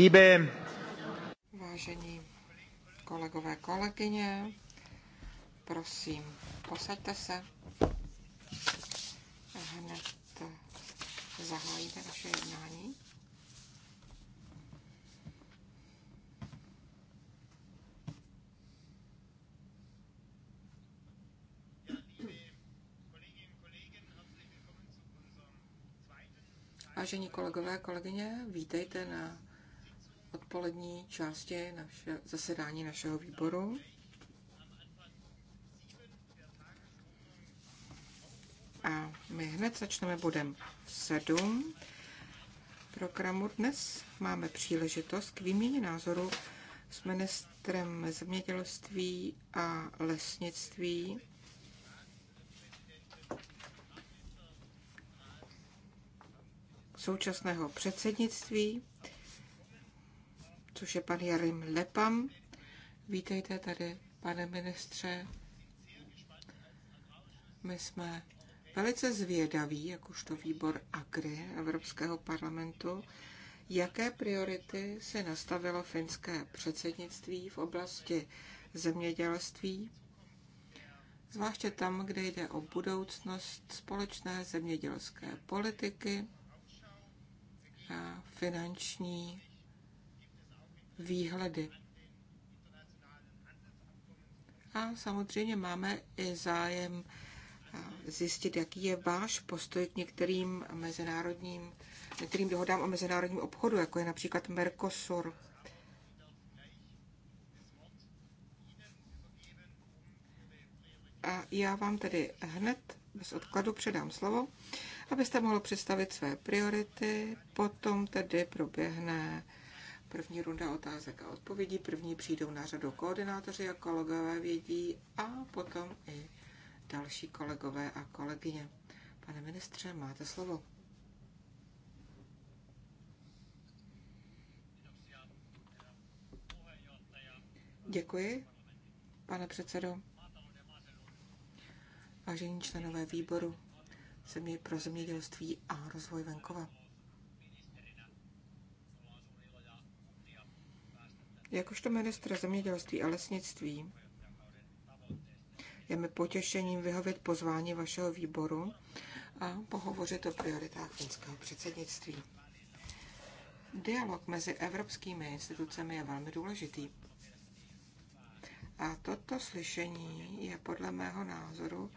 Liebe Vážení kolegové, kolegyně, prosím, posaďte se. Hned zahájíme naše jednání. Vážení kolegové, kolegyně, vítejte na odpolední části naše, zasedání našeho výboru. A my hned začneme bodem 7 programu. Dnes máme příležitost k výměně názoru s ministrem zemědělství a lesnictví současného předsednictví což je pan Jarim Lepam. Vítejte tady, pane ministře. My jsme velice zvědaví, jakožto výbor AGRI Evropského parlamentu, jaké priority se nastavilo finské předsednictví v oblasti zemědělství, zvláště tam, kde jde o budoucnost společné zemědělské politiky a finanční výhledy. A samozřejmě máme i zájem zjistit, jaký je váš postoj k některým mezinárodním, některým dohodám o mezinárodním obchodu, jako je například Mercosur. A já vám tedy hned bez odkladu předám slovo, abyste mohl představit své priority, potom tedy proběhne První runda otázek a odpovědí. První přijdou na řadu koordinátoři a kolegové vědí a potom i další kolegové a kolegyně. Pane ministře, máte slovo. Děkuji, pane předsedo. Vážení členové výboru země pro zemědělství a rozvoj venkova. Jakožto ministr zemědělství a lesnictví je mi potěšením vyhovět pozvání vašeho výboru a pohovořit o prioritách finského předsednictví. Dialog mezi evropskými institucemi je velmi důležitý. A toto slyšení je podle mého názoru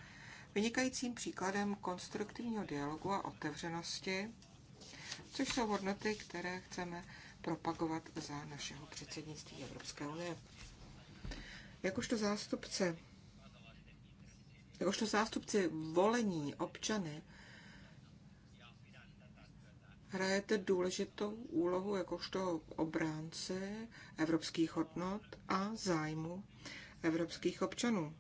vynikajícím příkladem konstruktivního dialogu a otevřenosti, což jsou hodnoty, které chceme propagovat za našeho předsednictví Evropské unie. Jakožto zástupce, jakožto zástupci volení občany, hrajete důležitou úlohu jakožto obránci evropských hodnot a zájmu evropských občanů.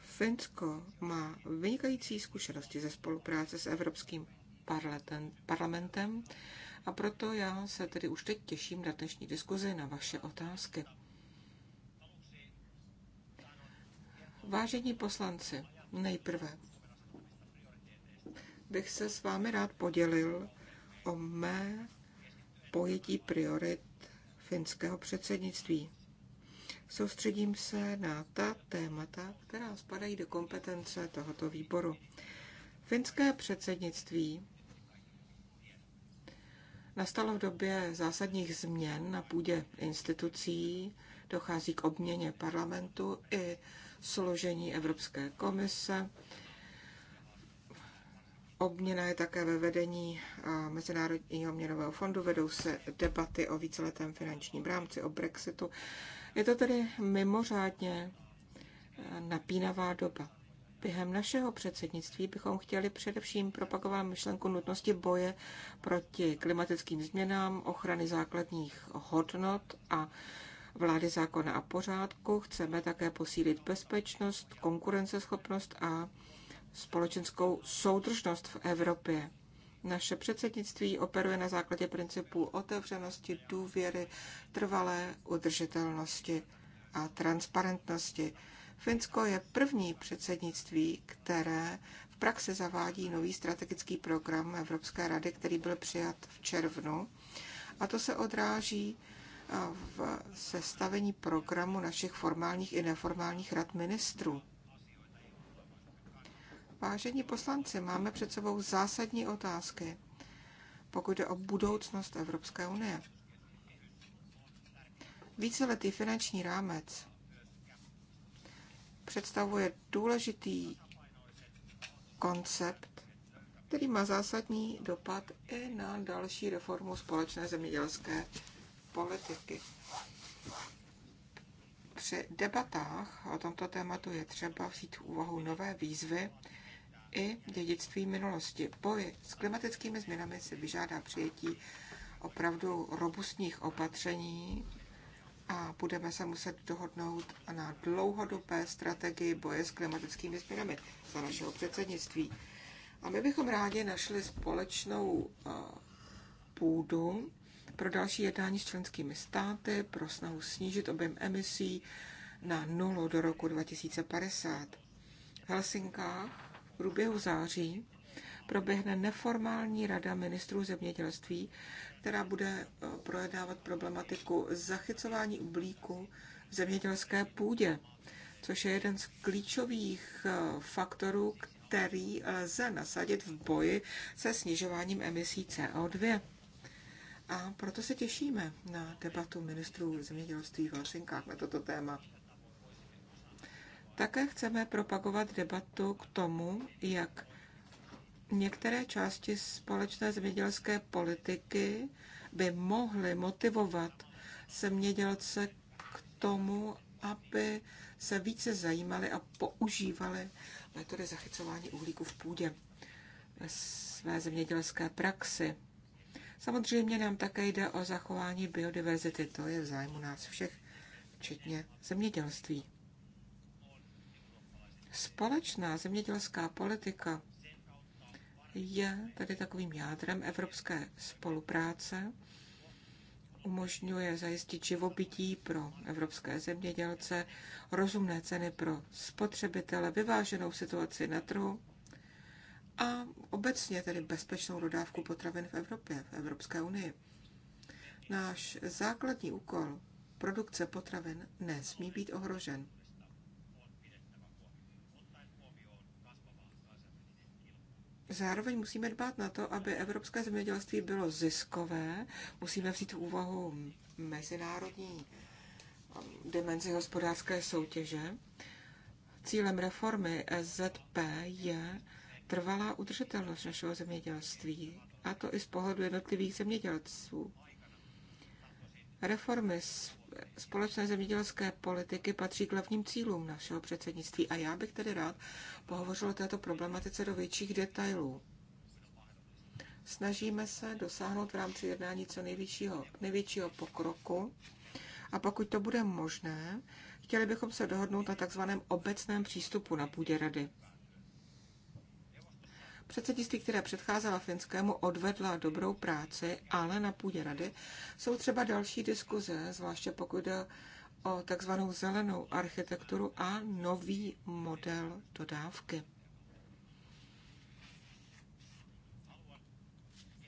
Finsko má vynikající zkušenosti ze spolupráce s Evropským parlamentem a proto já se tedy už teď těším na dnešní diskuzi, na vaše otázky. Vážení poslanci, nejprve bych se s vámi rád podělil o mé pojetí priorit finského předsednictví. Soustředím se na ta témata, která spadají do kompetence tohoto výboru. Finské předsednictví nastalo v době zásadních změn na půdě institucí, dochází k obměně parlamentu i složení Evropské komise. Obměna je také ve vedení Mezinárodního měnového fondu, vedou se debaty o víceletém finančním rámci, o Brexitu. Je to tedy mimořádně e, napínavá doba. Během našeho předsednictví bychom chtěli především propagovat myšlenku nutnosti boje proti klimatickým změnám, ochrany základních hodnot a vlády zákona a pořádku. Chceme také posílit bezpečnost, konkurenceschopnost a společenskou soudržnost v Evropě. Naše předsednictví operuje na základě principů otevřenosti, důvěry, trvalé udržitelnosti a transparentnosti. Finsko je první předsednictví, které v praxi zavádí nový strategický program Evropské rady, který byl přijat v červnu. A to se odráží eh, v sestavení programu našich formálních i neformálních rad ministrů. Vážení poslanci, máme před sebou zásadní otázky, pokud jde o budoucnost Evropské unie. Víceletý finanční rámec představuje důležitý koncept, který má zásadní dopad i na další reformu společné zemědělské politiky. Při debatách o tomto tématu je třeba vzít v úvahu nové výzvy i dědictví minulosti. Boj s klimatickými změnami se vyžádá přijetí opravdu robustních opatření, a budeme se muset dohodnout na dlouhodobé strategii boje s klimatickými změnami za našeho předsednictví. A my bychom rádi našli společnou uh, půdu pro další jednání s členskými státy, pro snahu snížit objem emisí na nulu do roku 2050. V Helsinkách v průběhu září proběhne neformální rada ministrů zemědělství, která bude eh, projednávat problematiku zachycování ublíku v zemědělské půdě, což je jeden z klíčových eh, faktorů, který lze nasadit v boji se snižováním emisí CO2. A proto se těšíme na debatu ministrů zemědělství v Helsinkách na toto téma. Také chceme propagovat debatu k tomu, jak některé části společné zemědělské politiky by mohly motivovat zemědělce k tomu, aby se více zajímali a používali metody zachycování uhlíku v půdě ve své zemědělské praxi. Samozřejmě nám také jde o zachování biodiverzity, to je v zájmu nás všech, včetně zemědělství. Společná zemědělská politika je tady takovým jádrem evropské spolupráce, umožňuje zajistit živobytí pro evropské zemědělce, rozumné ceny pro spotřebitele, vyváženou situaci na trhu a obecně tedy bezpečnou dodávku potravin v Evropě, v Evropské unii. Náš základní úkol produkce potravin nesmí být ohrožen. Zároveň musíme dbát na to, aby evropské zemědělství bylo ziskové. Musíme vzít v úvahu mezinárodní um, dimenzi hospodářské soutěže. Cílem reformy SZP je trvalá udržitelnost našeho zemědělství, a to i z pohledu jednotlivých zemědělců. Reformy společné zemědělské politiky patří k hlavním cílům našeho předsednictví a já bych tedy rád pohovořil o této problematice do větších detailů. Snažíme se dosáhnout v rámci jednání co největšího, největšího pokroku a pokud to bude možné, chtěli bychom se dohodnout na takzvaném obecném přístupu na půdě rady. Předsednictví, které předcházela Finskému, odvedla dobrou práci, ale na půdě rady jsou třeba další diskuze, zvláště pokud jde o takzvanou zelenou architekturu a nový model dodávky.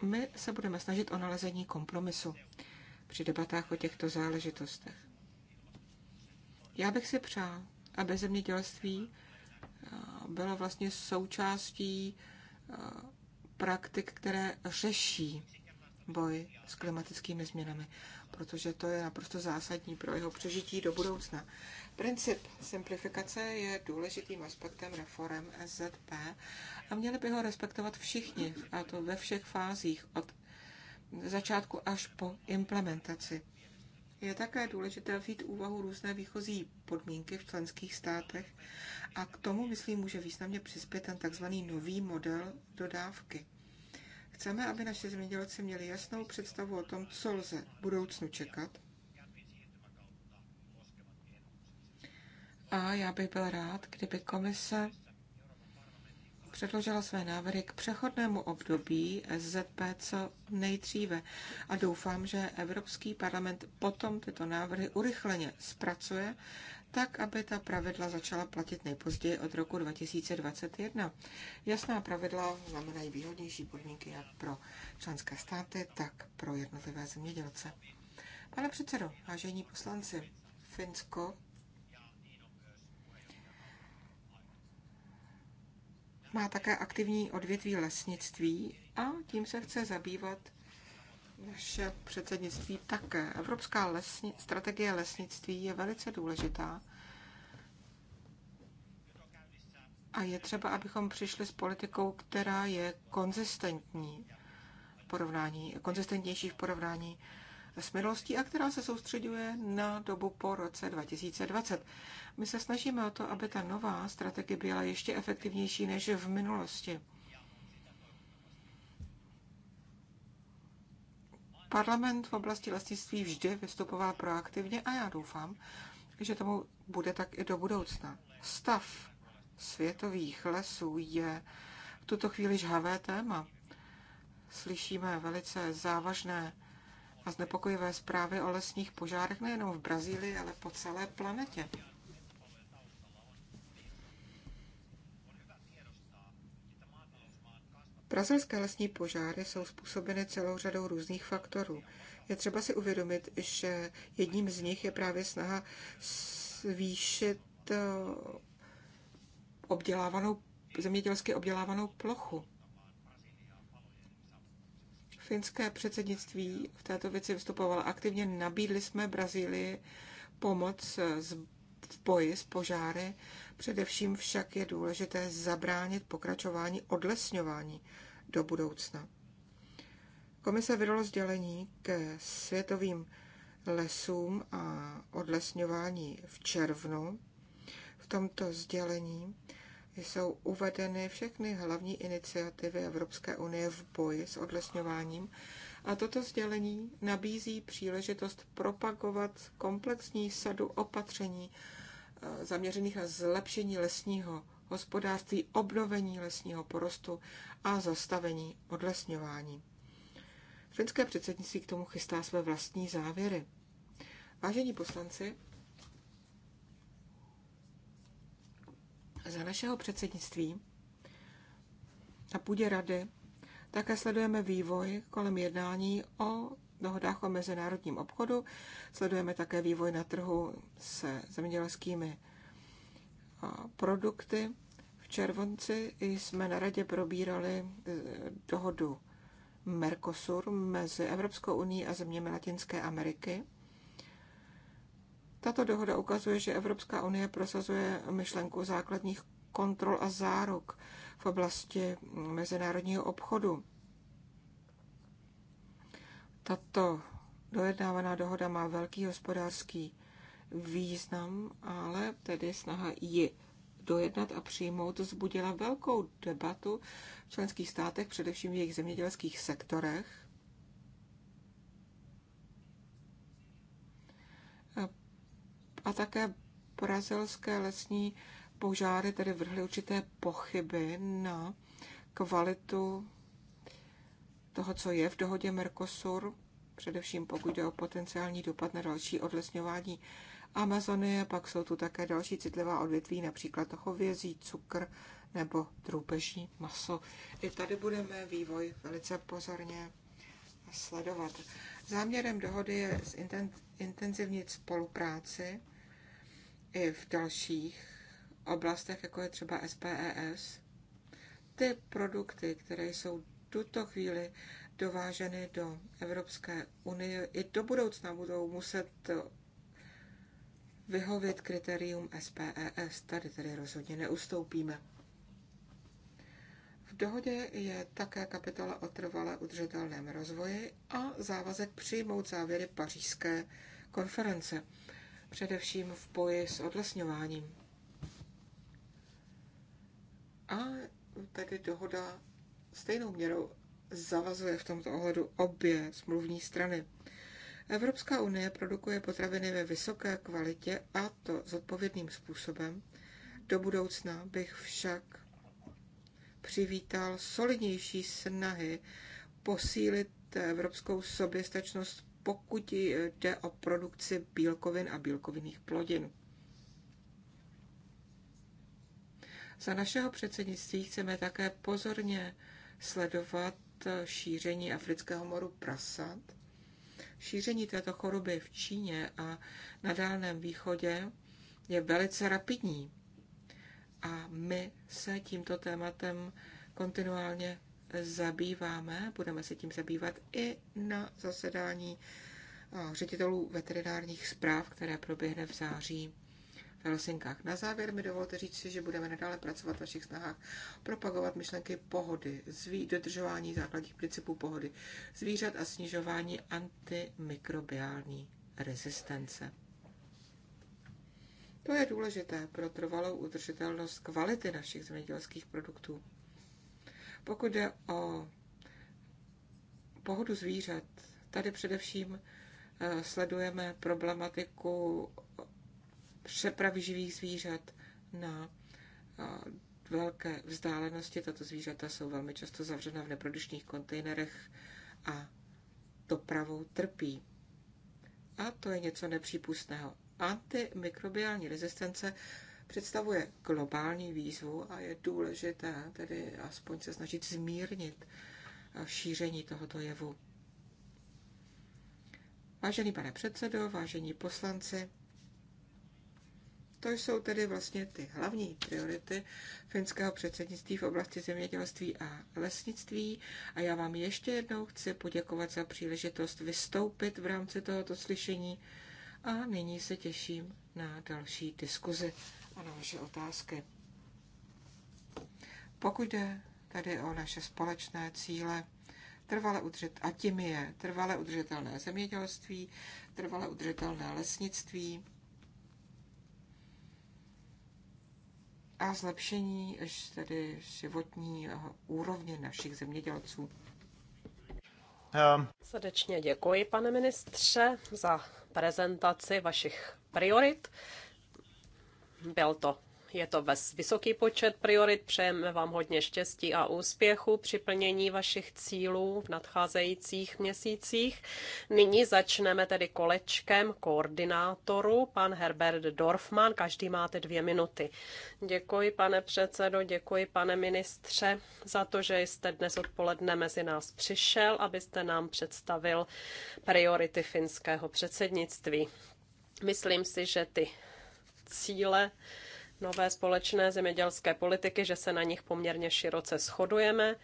My se budeme snažit o nalezení kompromisu při debatách o těchto záležitostech. Já bych si přál, aby zemědělství eh, bylo vlastně součástí praktik, které řeší boj s klimatickými změnami, protože to je naprosto zásadní pro jeho přežití do budoucna. Princip simplifikace je důležitým aspektem reform SZP a měli by ho respektovat všichni, a to ve všech fázích, od začátku až po implementaci je také důležité vzít úvahu různé výchozí podmínky v členských státech a k tomu, myslím, může významně přispět ten tzv. nový model dodávky. Chceme, aby naše zemědělci měli jasnou představu o tom, co lze v budoucnu čekat. A já bych byl rád, kdyby komise předložila své návrhy k přechodnému období SZP co nejdříve a doufám, že Evropský parlament potom tyto návrhy urychleně zpracuje, tak aby ta pravidla začala platit nejpozději od roku 2021. Jasná pravidla znamenají výhodnější podmínky jak pro členské státy, tak pro jednotlivé zemědělce. Pane předsedo, vážení poslanci, Finsko má také aktivní odvětví lesnictví a tím se chce zabývat naše předsednictví také. Evropská lesni- strategie lesnictví je velice důležitá a je třeba, abychom přišli s politikou, která je konzistentní v porovnání, konzistentnější v porovnání s a která se soustředuje na dobu po roce 2020. My se snažíme o to, aby ta nová strategie byla ještě efektivnější než v minulosti. Parlament v oblasti vlastnictví vždy vystupoval proaktivně a já doufám, že tomu bude tak i do budoucna. Stav světových lesů je v tuto chvíli žhavé téma. Slyšíme velice závažné a znepokojivé zprávy o lesních požárech nejenom v Brazílii, ale po celé planetě. Brazilské lesní požáry jsou způsobeny celou řadou různých faktorů. Je třeba si uvědomit, že jedním z nich je právě snaha zvýšit eh, obdělávanou, zemědělsky obdělávanou plochu. Finské předsednictví v této věci vystupovalo aktivně. Nabídli jsme Brazílii pomoc v boji s požáry. Především však je důležité zabránit pokračování odlesňování do budoucna. Komise vydalo sdělení ke světovým lesům a odlesňování v červnu. V tomto sdělení jsou uvedeny všechny hlavní iniciativy Evropské unie v boji s odlesňováním a toto sdělení nabízí příležitost propagovat komplexní sadu opatření eh, zaměřených na zlepšení lesního hospodářství, obnovení lesního porostu a zastavení odlesňování. Finské předsednictví k tomu chystá své vlastní závěry. Vážení poslanci, Za našeho předsednictví na půdě rady také sledujeme vývoj kolem jednání o dohodách o mezinárodním obchodu. Sledujeme také vývoj na trhu se zemědělskými produkty. V červenci jsme na radě probírali e, dohodu Mercosur mezi Evropskou unii a zeměmi Latinské Ameriky. Tato dohoda ukazuje, že Evropská unie prosazuje myšlenku základních kontrol a záruk v oblasti mezinárodního obchodu. Tato dojednávaná dohoda má velký hospodářský význam, ale tedy snaha ji dojednat a přijmout zbudila velkou debatu v členských státech, především v jejich zemědělských sektorech. a také brazilské lesní požáry tedy vrhly určité pochyby na kvalitu toho, co je v dohodě Mercosur, především pokud jde o potenciální dopad na další odlesňování Amazonie, pak jsou tu také další citlivá odvětví, například hovězí, cukr nebo drůbeží maso. I tady budeme vývoj velice pozorně sledovat. Záměrem dohody je intenzivnit spolupráci i v dalších oblastech, jako je třeba SPES, e ty produkty, které jsou tuto chvíli dováženy do Evropské unie, i do budoucna budou muset vyhovět kritérium SPES. E Tady tedy rozhodně neustoupíme. V dohodě je také kapitola o trvale udržitelném rozvoji a závazek přijmout závěry pařížské konference především v boji s odlesňováním. A tedy dohoda stejnou měrou zavazuje v tomto ohledu obě smluvní strany. Evropská unie produkuje potraviny ve vysoké kvalitě a to zodpovědným způsobem. Do budoucna bych však přivítal solidnější snahy posílit evropskou soběstačnost pokud jde o produkci bílkovin a bílkovinných plodin. Za našeho předsednictví chceme také pozorně sledovat šíření afrického moru prasat. Šíření této choroby v Číně a na Dálném východě je velice rapidní. A my se tímto tématem kontinuálně zabýváme, budeme se tím zabývat i na zasedání eh, ředitelů veterinárních zpráv, které proběhne v září v Helsinkách. Na závěr mi dovolte říct si, že budeme nadále pracovat v vašich snahách propagovat myšlenky pohody, zví, dodržování základních principů pohody zvířat a snižování antimikrobiální rezistence. To je důležité pro trvalou udržitelnost kvality našich zemědělských produktů. Pokud jde o pohodu zvířat, tady především eh, sledujeme problematiku přepravy živých zvířat na eh, velké vzdálenosti. Tato zvířata jsou velmi často zavřena v neprodučných kontejnerech a dopravou trpí. A to je něco nepřípustného. Antimikrobiální rezistence představuje globální výzvu a je důležité tedy aspoň se snažit zmírnit šíření tohoto jevu. Vážený pane předsedo, vážení poslanci, to jsou tedy vlastně ty hlavní priority finského předsednictví v oblasti zemědělství a lesnictví. A já vám ještě jednou chci poděkovat za příležitost vystoupit v rámci tohoto slyšení a nyní se těším na další diskuzi a na vaše otázky. Pokud jde tady o naše společné cíle, trvale udržet, a tím je trvale udržitelné zemědělství, trvale udržitelné lesnictví a zlepšení tedy životní úrovně našich zemědělců. Um. Srdečně děkuji, pane ministře, za prezentaci vašich priorit. Byl to je to vysoký počet priorit. Přejeme vám hodně štěstí a úspěchu při plnění vašich cílů v nadcházejících měsících. Nyní začneme tedy kolečkem koordinátoru, pan Herbert Dorfman. Každý máte dvě minuty. Děkuji, pane předsedo, děkuji, pane ministře, za to, že jste dnes odpoledne mezi nás přišel, abyste nám představil priority finského předsednictví. Myslím si, že ty cíle nové společné zemědělské politiky, že se na nich poměrně široce shodujeme.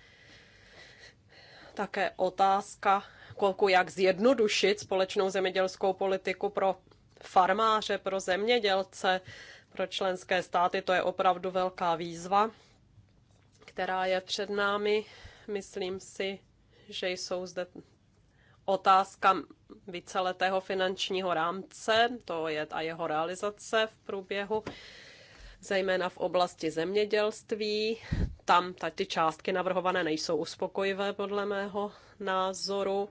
Také otázka, kolku jak zjednodušit společnou zemědělskou politiku pro farmáře, pro zemědělce, pro členské státy, to je opravdu velká výzva, která je před námi. Myslím si, že jsou zde otázka víceletého finančního rámce, to je a jeho realizace v průběhu, zejména v oblasti zemědělství. Tam ty částky navrhované nejsou uspokojivé podle mého názoru.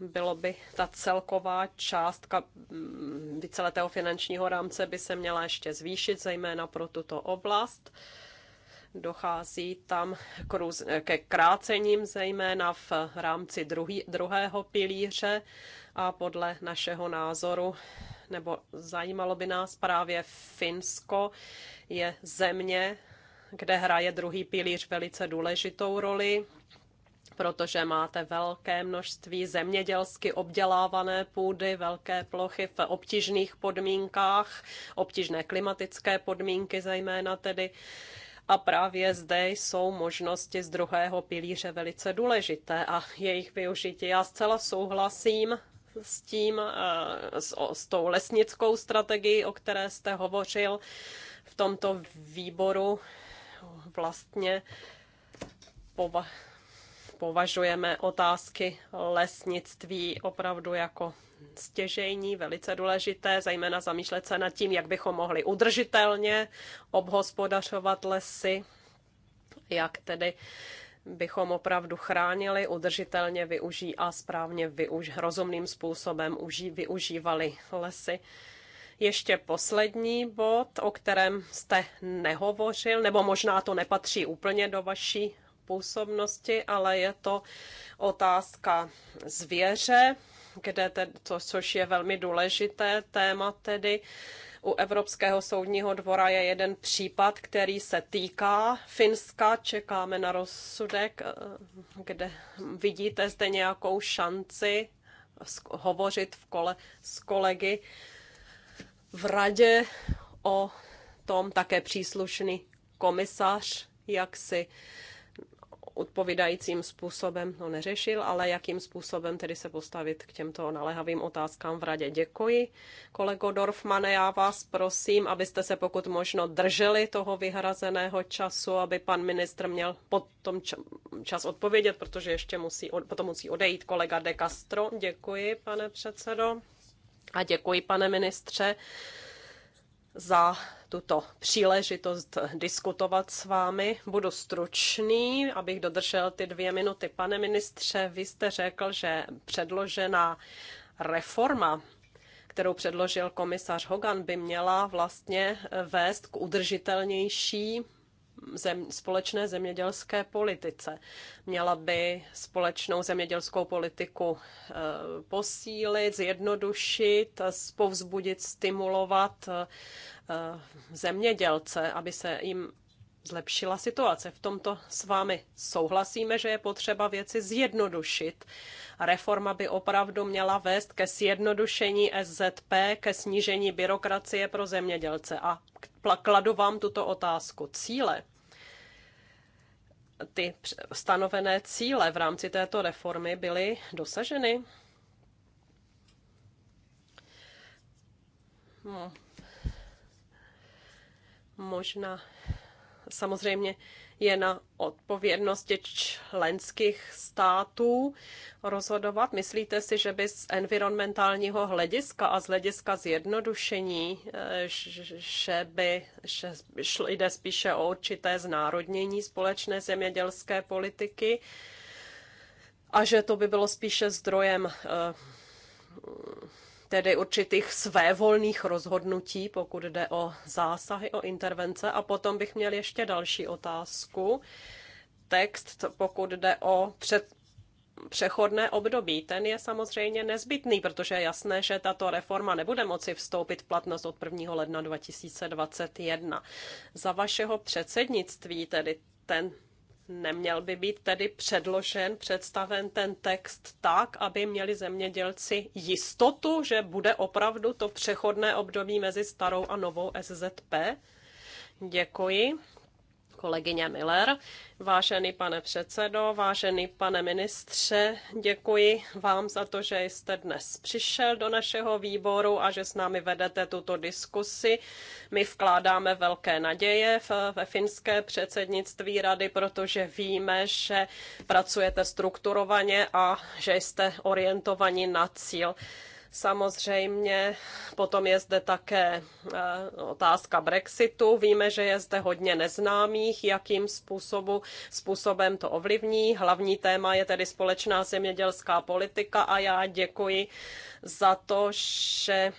Bylo by ta celková částka mm, víceletého finančního rámce by se měla ještě zvýšit, zejména pro tuto oblast. Dochází tam ke krácením, zejména v rámci druhý, druhého pilíře a podle našeho názoru, nebo zajímalo by nás právě Finsko, je země, kde hraje druhý pilíř velice důležitou roli, protože máte velké množství zemědělsky obdělávané půdy, velké plochy v obtížných podmínkách, obtížné klimatické podmínky zejména tedy. A právě zde jsou možnosti z druhého pilíře velice důležité a jejich využití. Já zcela souhlasím s tím, eh, s, s tou lesnickou strategií, o které jste hovořil v tomto výboru. Vlastně pova- považujeme otázky lesnictví opravdu jako stěžejní, velice důležité, zejména zamýšlet se nad tím, jak bychom mohli udržitelně obhospodařovat lesy, jak tedy bychom opravdu chránili, udržitelně využí a správně využ, rozumným způsobem uží, využívali lesy. Ještě poslední bod, o kterém jste nehovořil, nebo možná to nepatří úplně do vaší působnosti, ale je to otázka zvěře, kde te, to, což je velmi důležité téma tedy. U Evropského soudního dvora je jeden případ, který se týká Finska. Čekáme na rozsudek, eh, kde vidíte zde nějakou šanci hovořit v kole s kolegy v radě o tom také příslušný komisař, jak si odpovídajícím způsobem No, neřešil, ale jakým způsobem tedy se postavit k těmto naléhavým otázkám v radě. Děkuji. Kolego Dorfmane, já vás prosím, abyste se pokud možno drželi toho vyhrazeného času, aby pan ministr měl potom čas odpovědět, protože ještě musí, potom musí odejít kolega De Castro. Děkuji, pane předsedo. A děkuji, pane ministře za tuto příležitost diskutovat s vámi. Budu stručný, abych dodržel ty dvě minuty. Pane ministře, vy jste řekl, že předložená reforma kterou předložil komisař Hogan, by měla vlastně vést k udržitelnější zem, společné zemědělské politice. Měla by společnou zemědělskou politiku eh, posílit, zjednodušit, povzbudit, stimulovat eh, eh, zemědělce, aby se jim zlepšila situace. V tomto s vámi souhlasíme, že je potřeba věci zjednodušit. Reforma by opravdu měla vést ke zjednodušení SZP, ke snížení byrokracie pro zemědělce. A kladu vám tuto otázku. Cíle ty stanovené cíle v rámci této reformy byly dosaženy? No. Možná samozřejmě je na odpovědnosti členských států rozhodovat. Myslíte si, že by z environmentálního hlediska a z hlediska zjednodušení, eh, že by že jde spíše o určité znárodnění společné zemědělské politiky a že to by bylo spíše zdrojem eh, tedy určitých svévolných rozhodnutí, pokud jde o zásahy, o intervence. A potom bych měl ještě další otázku. Text, pokud jde o před, přechodné období, ten je samozřejmě nezbytný, protože je jasné, že tato reforma nebude moci vstoupit v platnost od 1. ledna 2021. Za vašeho předsednictví tedy ten Neměl by být tedy předložen, představen ten text tak, aby měli zemědělci jistotu, že bude opravdu to přechodné období mezi starou a novou SZP? Děkuji kolegyně Miller. Vážený pane předsedo, vážený pane ministře, děkuji vám za to, že jste dnes přišel do našeho výboru a že s námi vedete tuto diskusi. My vkládáme velké naděje ve finské předsednictví rady, protože víme, že pracujete strukturovaně a že jste orientovaní na cíl. Samozřejmě potom je zde také e, otázka Brexitu. Víme, že je zde hodně neznámých, jakým způsobu, způsobem to ovlivní. Hlavní téma je tedy společná zemědělská politika a já děkuji za to, že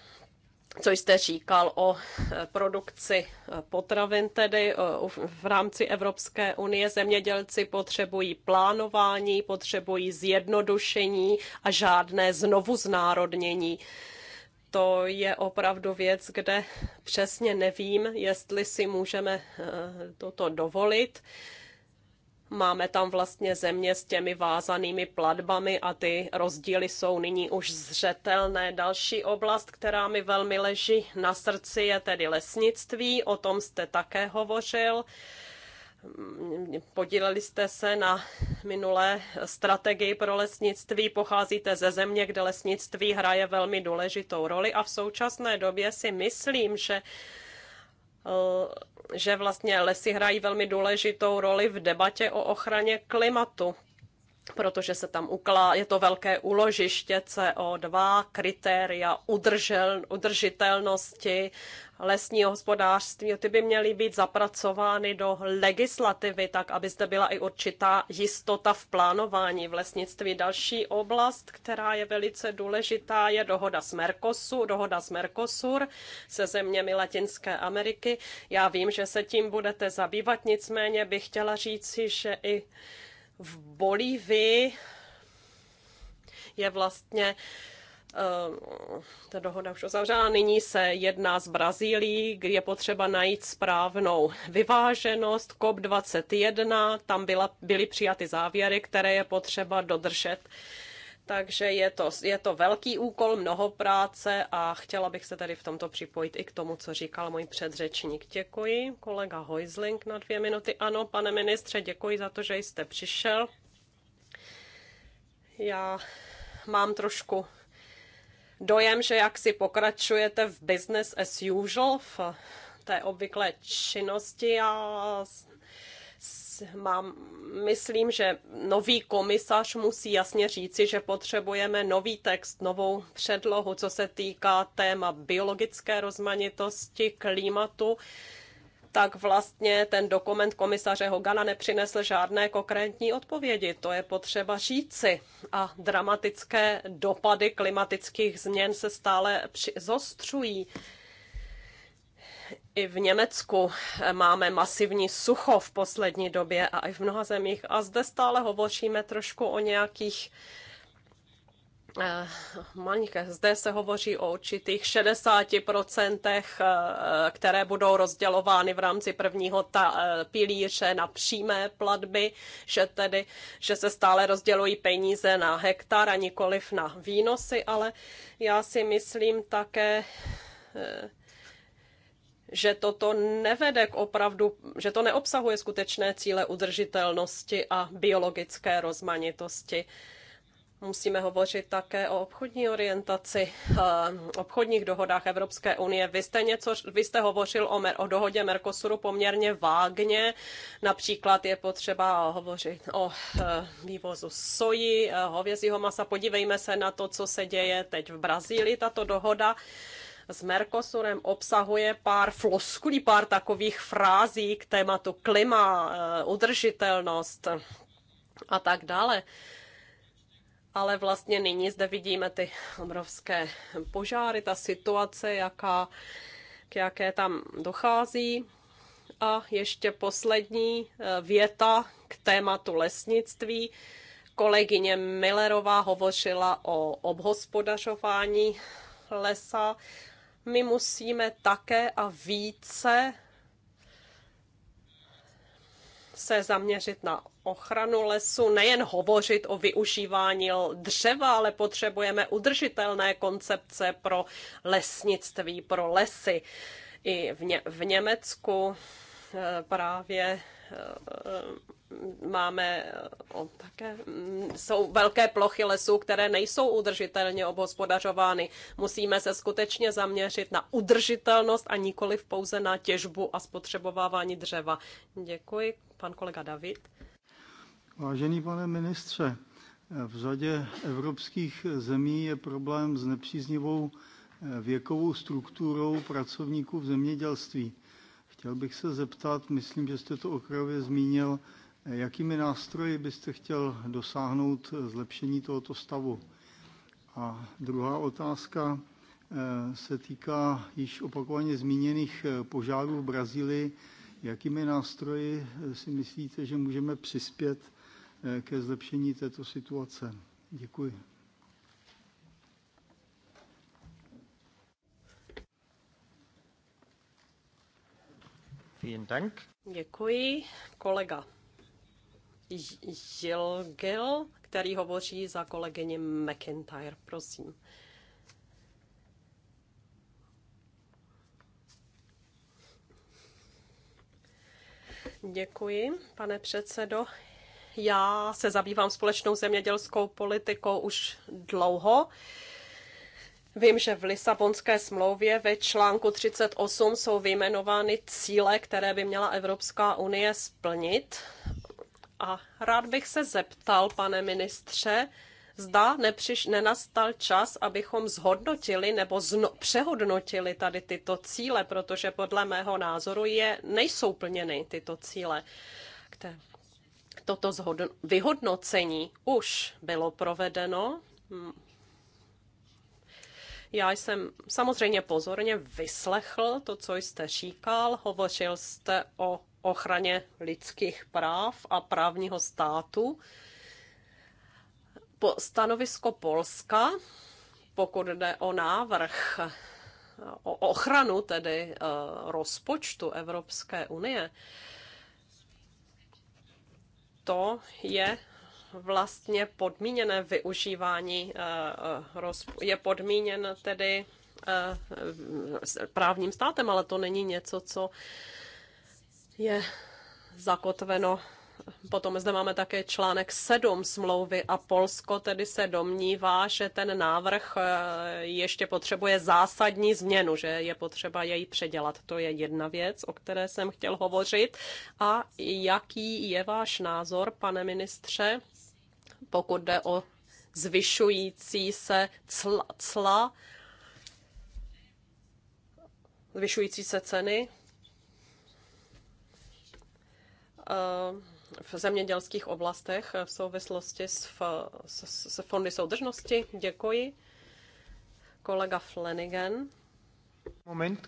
co jste říkal o eh, produkci eh, potravin, tedy eh, v rámci Evropské unie zemědělci potřebují plánování, potřebují zjednodušení a žádné znovu znárodnění to je opravdu věc, kde přesně nevím, jestli si můžeme toto dovolit. Máme tam vlastně země s těmi vázanými platbami a ty rozdíly jsou nyní už zřetelné. Další oblast, která mi velmi leží na srdci, je tedy lesnictví. O tom jste také hovořil. Podíleli jste se na minulé strategii pro lesnictví, pocházíte ze země, kde lesnictví hraje velmi důležitou roli a v současné době si myslím, že Eh, že vlastně lesy hrají velmi důležitou roli v debatě o ochraně klimatu protože se tam uklá, je to velké úložiště CO2, kritéria udržel, udržitelnosti, lesního hospodářství, ty by měly být zapracovány do legislativy, tak aby zde byla i určitá jistota v plánování v lesnictví. Další oblast, která je velice důležitá, je dohoda s Mercosur, dohoda s Mercosur se zeměmi Latinské Ameriky. Já vím, že se tím budete zabývat, nicméně bych chtěla říci, že i v Bolívii je vlastně Eh, ta dohoda už uzavřena. Nyní se jedná s Brazílií, kde je potřeba najít správnou vyváženost. COP21, tam byla, byly přijaty závěry, které je potřeba dodržet. Takže je to, je to velký úkol, mnoho práce a chtěla bych se tady v tomto připojit i k tomu, co říkal můj předřečník. Děkuji, kolega Hojzling na dvě minuty. Ano, pane ministře, děkuji za to, že jste přišel. Já mám trošku dojem, že jak si pokračujete v business as usual, v té obvyklé činnosti a mám, myslím, že nový komisař musí jasně říci, že potřebujeme nový text, novou předlohu, co se týká téma biologické rozmanitosti, klimatu tak vlastně ten dokument komisaře Hogana nepřinesl žádné konkrétní odpovědi. To je potřeba říci. A dramatické dopady klimatických změn se stále zostřují. I v Německu máme masivní sucho v poslední době a i v mnoha zemích. A zde stále hovoříme trošku o nějakých Eh, Maňke, zde se hovoří o určitých 60%, eh, které budou rozdělovány v rámci prvního ta, eh, pilíře na přímé platby, že tedy, že se stále rozdělují peníze na hektar a nikoliv na výnosy, ale já si myslím také, že toto nevede k opravdu, že to neobsahuje skutečné cíle udržitelnosti a biologické rozmanitosti. Musíme hovořit také o obchodní orientaci, eh, obchodních dohodách Evropské unie. Vy jste, něco, vy jste hovořil o, o dohodě Mercosuru poměrně vágně. Například je potřeba hovořit o eh, vývozu soji, eh, hovězího masa. Podívejme se na to, co se děje teď v Brazílii. Tato dohoda s Mercosurem obsahuje pár floskulí, pár takových frází k tématu klima, udržitelnost a tak dále ale vlastně nyní zde vidíme ty obrovské požáry, ta situace, jaká, k jaké tam dochází. A ještě poslední eh, věta k tématu lesnictví. Kolegyně Millerová hovořila o obhospodařování lesa. My musíme také a více se zaměřit na ochranu lesu nejen hovořit o využívání dřeva, ale potřebujeme udržitelné koncepce pro lesnictví, pro lesy. I v, Ně- v Německu eh, právě eh, máme eh, také, mm, jsou velké plochy lesů, které nejsou udržitelně obhospodařovány. Musíme se skutečně zaměřit na udržitelnost a nikoliv pouze na těžbu a spotřebovávání dřeva. Děkuji, pan kolega David. Vážený pane ministře, v řadě evropských zemí je problém s nepříznivou eh, věkovou strukturou pracovníků v zemědělství. Chtěl bych se zeptat, myslím, že jste to okrajově zmínil, eh, jakými nástroji byste chtěl dosáhnout eh, zlepšení tohoto stavu. A druhá otázka se týká již opakovaně zmíněných požárů v Brazílii. Jakými nástroji si myslíte, že můžeme přispět Eh, ke zlepšení této situace. Děkuji. Děkuji. Kolega Gilgil, který hovoří za kolegyně McIntyre, prosím. Děkuji, pane předsedo. Já se zabývám společnou zemědělskou politikou už dlouho. Vím, že v Lisabonské smlouvě ve článku 38 jsou vyjmenovány cíle, které by měla Evropská unie splnit. A rád bych se zeptal, pane ministře, zda nepřiš, nenastal čas, abychom zhodnotili nebo zno, přehodnotili tady tyto cíle, protože podle mého názoru je nejsou plněny tyto cíle. Které toto zhodno- vyhodnocení už bylo provedeno. Hmm. Já jsem samozřejmě pozorně vyslechl to, co jste říkal. Hovořil jste o ochraně lidských práv a právního státu. Po stanovisko Polska, pokud jde o návrh, o ochranu tedy eh, rozpočtu Evropské unie, to je vlastně podmíněné využívání, eh, je podmíněn tedy eh, právním státem, ale to není něco, co je zakotveno Potom zde máme také článek 7 smlouvy a Polsko tedy se domnívá, že ten návrh eh, ještě potřebuje zásadní změnu, že je potřeba jej předělat. To je jedna věc, o které jsem chtěl hovořit. A jaký je váš názor, pane ministře, pokud jde o zvyšující se cla, cla zvyšující se ceny? Uh, v zemědělských oblastech v souvislosti s, s, s fondy soudržnosti. Děkuji. Kolega Flanagan. Moment,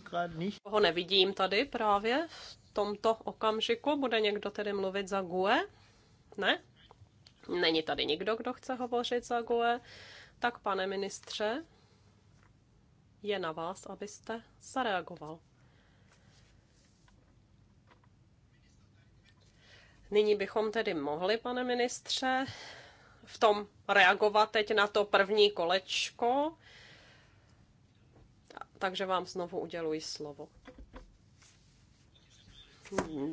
Ho nevidím tady právě v tomto okamžiku. Bude někdo tedy mluvit za GUE? Ne? Není tady nikdo, kdo chce hovořit za GUE. Tak, pane ministře, je na vás, abyste zareagoval. Nyní bychom tedy mohli, pane ministře, v tom reagovat teď na to první kolečko. Takže vám znovu uděluji slovo.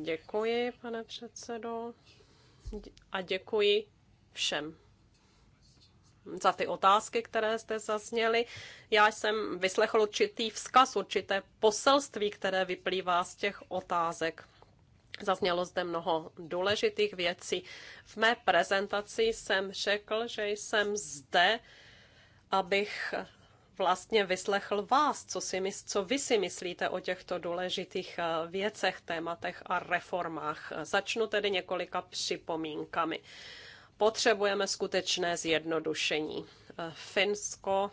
Děkuji, pane předsedo. A děkuji všem za ty otázky, které jste zazněly. Já jsem vyslechl určitý vzkaz, určité poselství, které vyplývá z těch otázek. Zaznělo zde mnoho důležitých věcí. V mé prezentaci jsem řekl, že jsem zde, abych vlastně vyslechl vás, co, si mys- co vy si myslíte o těchto důležitých eh, věcech, tématech a reformách. Začnu tedy několika připomínkami. Potřebujeme skutečné zjednodušení. Eh, Finsko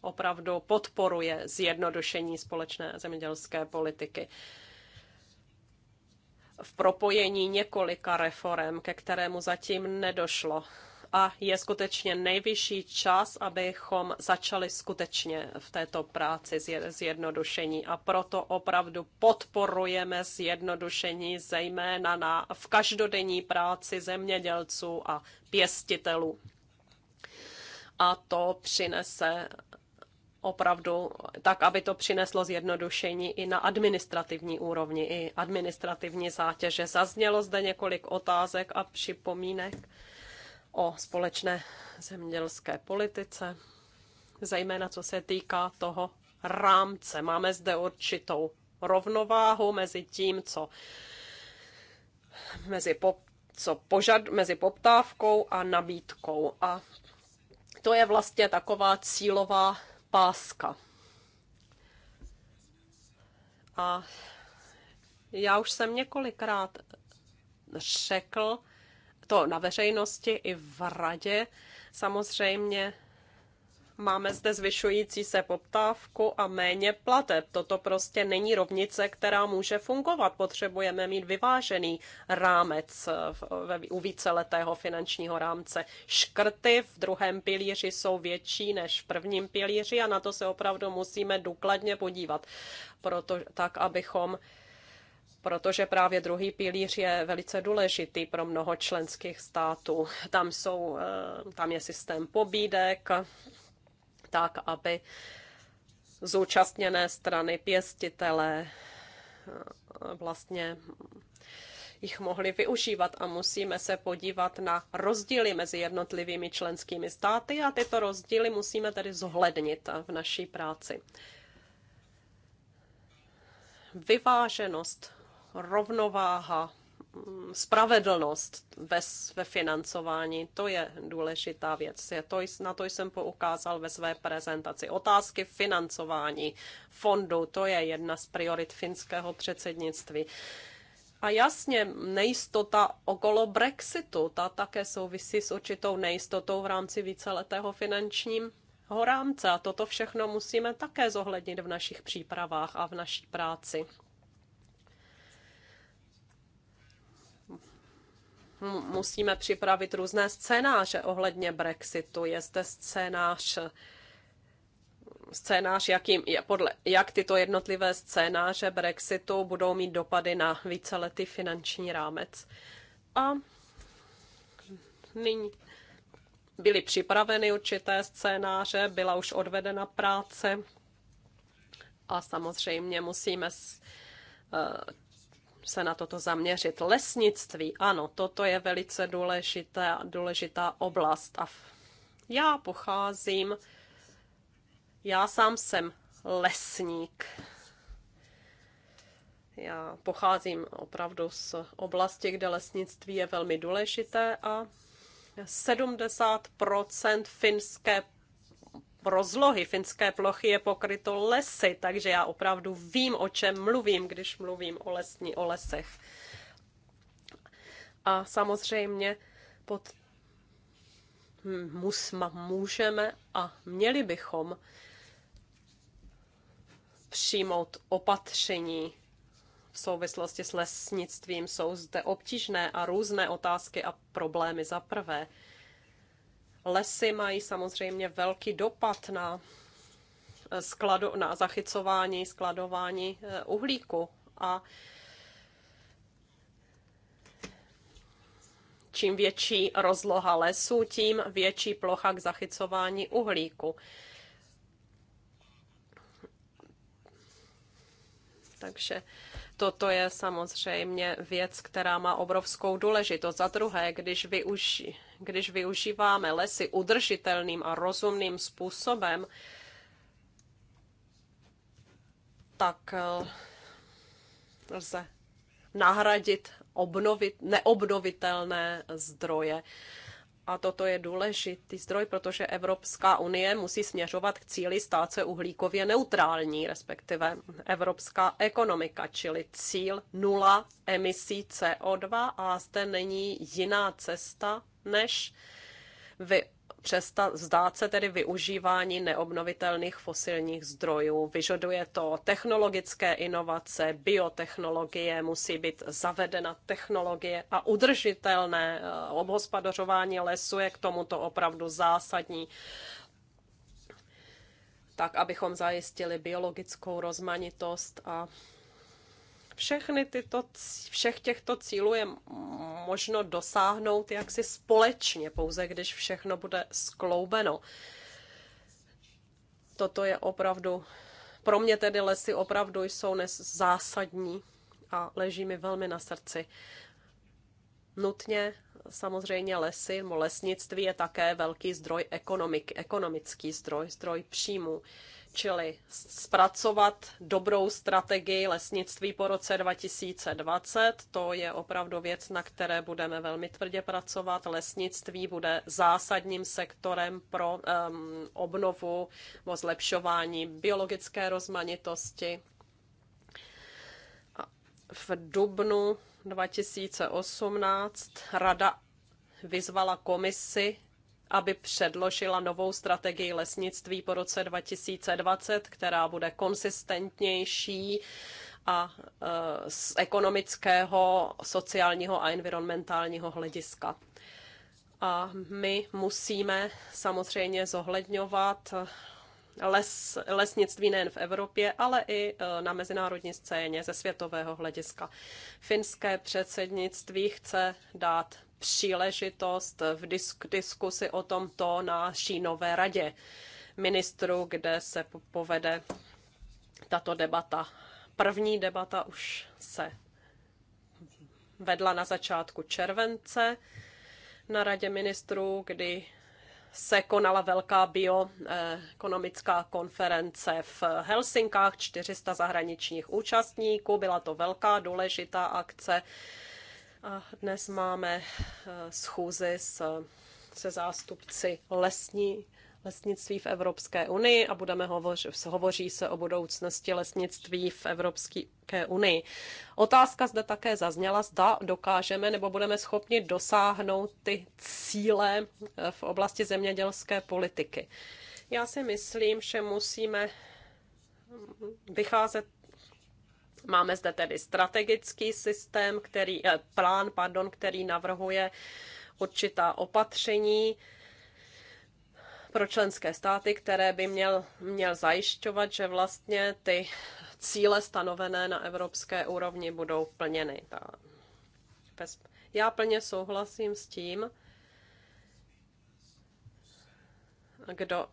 opravdu podporuje zjednodušení společné zemědělské politiky v propojení několika reform, ke kterému zatím nedošlo. A je skutečně nejvyšší čas, abychom začali skutečně v této práci zjednodušení. A proto opravdu podporujeme zjednodušení, zejména na, v každodenní práci zemědělců a pěstitelů a to přinese opravdu tak, aby to přineslo zjednodušení i na administrativní úrovni, i administrativní zátěže. Zaznělo zde několik otázek a připomínek o společné zemědělské politice, zejména co se týká toho rámce. Máme zde určitou rovnováhu mezi tím, co mezi, po, co požad, mezi poptávkou a nabídkou. A to je vlastně taková cílová páska. A já už jsem několikrát řekl to na veřejnosti i v radě. Samozřejmě Máme zde zvyšující se poptávku a méně plateb. Toto prostě není rovnice, která může fungovat. Potřebujeme mít vyvážený rámec u víceletého finančního rámce. Škrty v druhém pilíři jsou větší než v prvním pilíři a na to se opravdu musíme důkladně podívat, proto, tak abychom protože právě druhý pilíř je velice důležitý pro mnoho členských států. Tam, jsou, eh, tam je systém pobídek, tak, aby zúčastněné strany, pěstitele eh, vlastně jich mohli využívat a musíme se podívat na rozdíly mezi jednotlivými členskými státy a tyto rozdíly musíme tedy zohlednit v naší práci. Vyváženost, rovnováha Mm, spravedlnost ve financování, to je důležitá věc. Je to, na to jsem poukázal ve své prezentaci. Otázky financování fondů, to je jedna z priorit finského předsednictví. A jasně, nejistota okolo Brexitu, ta také souvisí s určitou nejistotou v rámci víceletého finančním rámce. A toto všechno musíme také zohlednit v našich přípravách a v naší práci. musíme připravit různé scénáře ohledně Brexitu. Je zde scénář scénář, jakým, podle, jak tyto jednotlivé scénáře Brexitu budou mít dopady na víceletý finanční rámec. A nyní byly připraveny určité scénáře, byla už odvedena práce a samozřejmě musíme s, eh, se na toto zaměřit. Lesnictví, ano, toto je velice důležitá, důležitá oblast. A já pocházím, já sám jsem lesník. Já pocházím opravdu z oblasti, kde lesnictví je velmi důležité a 70 finské rozlohy finské plochy je pokryto lesy, takže já opravdu vím, o čem mluvím, když mluvím o, lesní, o lesech. A samozřejmě pod musma můžeme a měli bychom přijmout opatření v souvislosti s lesnictvím. Jsou zde obtížné a různé otázky a problémy za prvé. Lesy mají samozřejmě velký dopad na, eh, skladu, na zachycování, skladování eh, uhlíku a čím větší rozloha lesů, tím větší plocha k zachycování uhlíku. Takže toto je samozřejmě věc, která má obrovskou důležitost. Za druhé, když využij, když využíváme lesy udržitelným a rozumným způsobem, tak eh, lze nahradit obnovit, neobnovitelné zdroje. A toto je důležitý zdroj, protože Evropská unie musí směřovat k cíli stát se uhlíkově neutrální, respektive evropská ekonomika, čili cíl nula emisí CO2 a zde není jiná cesta než vy přestat vzdát se tedy využívání neobnovitelných fosilních zdrojů. Vyžaduje to technologické inovace, biotechnologie, musí být zavedena technologie a udržitelné eh, obhospodařování lesu je k tomuto opravdu zásadní tak abychom zajistili biologickou rozmanitost a všechny tyto, všech těchto cílů je možno dosáhnout jaksi společně, pouze když všechno bude skloubeno. Toto je opravdu, pro mě tedy lesy opravdu jsou zásadní a leží mi velmi na srdci. Nutně samozřejmě lesy, lesnictví je také velký zdroj ekonomik, ekonomický zdroj, zdroj příjmů čili zpracovat dobrou strategii lesnictví po roce 2020. To je opravdu věc, na které budeme velmi tvrdě pracovat. Lesnictví bude zásadním sektorem pro um, obnovu nebo zlepšování biologické rozmanitosti. V dubnu 2018 Rada vyzvala komisi aby předložila novou strategii lesnictví po roce 2020, která bude konsistentnější a e, z ekonomického, sociálního a environmentálního hlediska. A my musíme samozřejmě zohledňovat les, lesnictví nejen v Evropě, ale i e, na mezinárodní scéně ze světového hlediska. Finské předsednictví chce dát příležitost v disk, diskusi o tomto na Šínové radě ministru, kde se povede tato debata. První debata už se vedla na začátku července na radě ministrů, kdy se konala velká bioekonomická konference v Helsinkách, 400 zahraničních účastníků. Byla to velká důležitá akce a dnes máme eh, schůzi s, se zástupci lesní, lesnictví v Evropské unii a budeme hovořit, hovoří se o budoucnosti lesnictví v Evropské unii. Otázka zde také zazněla, zda dokážeme nebo budeme schopni dosáhnout ty cíle eh, v oblasti zemědělské politiky. Já si myslím, že musíme vycházet Máme zde tedy strategický systém, který, eh, plán, pardon, který navrhuje určitá opatření pro členské státy, které by měl, měl zajišťovat, že vlastně ty cíle stanovené na evropské úrovni budou plněny. Já plně souhlasím s tím, kdo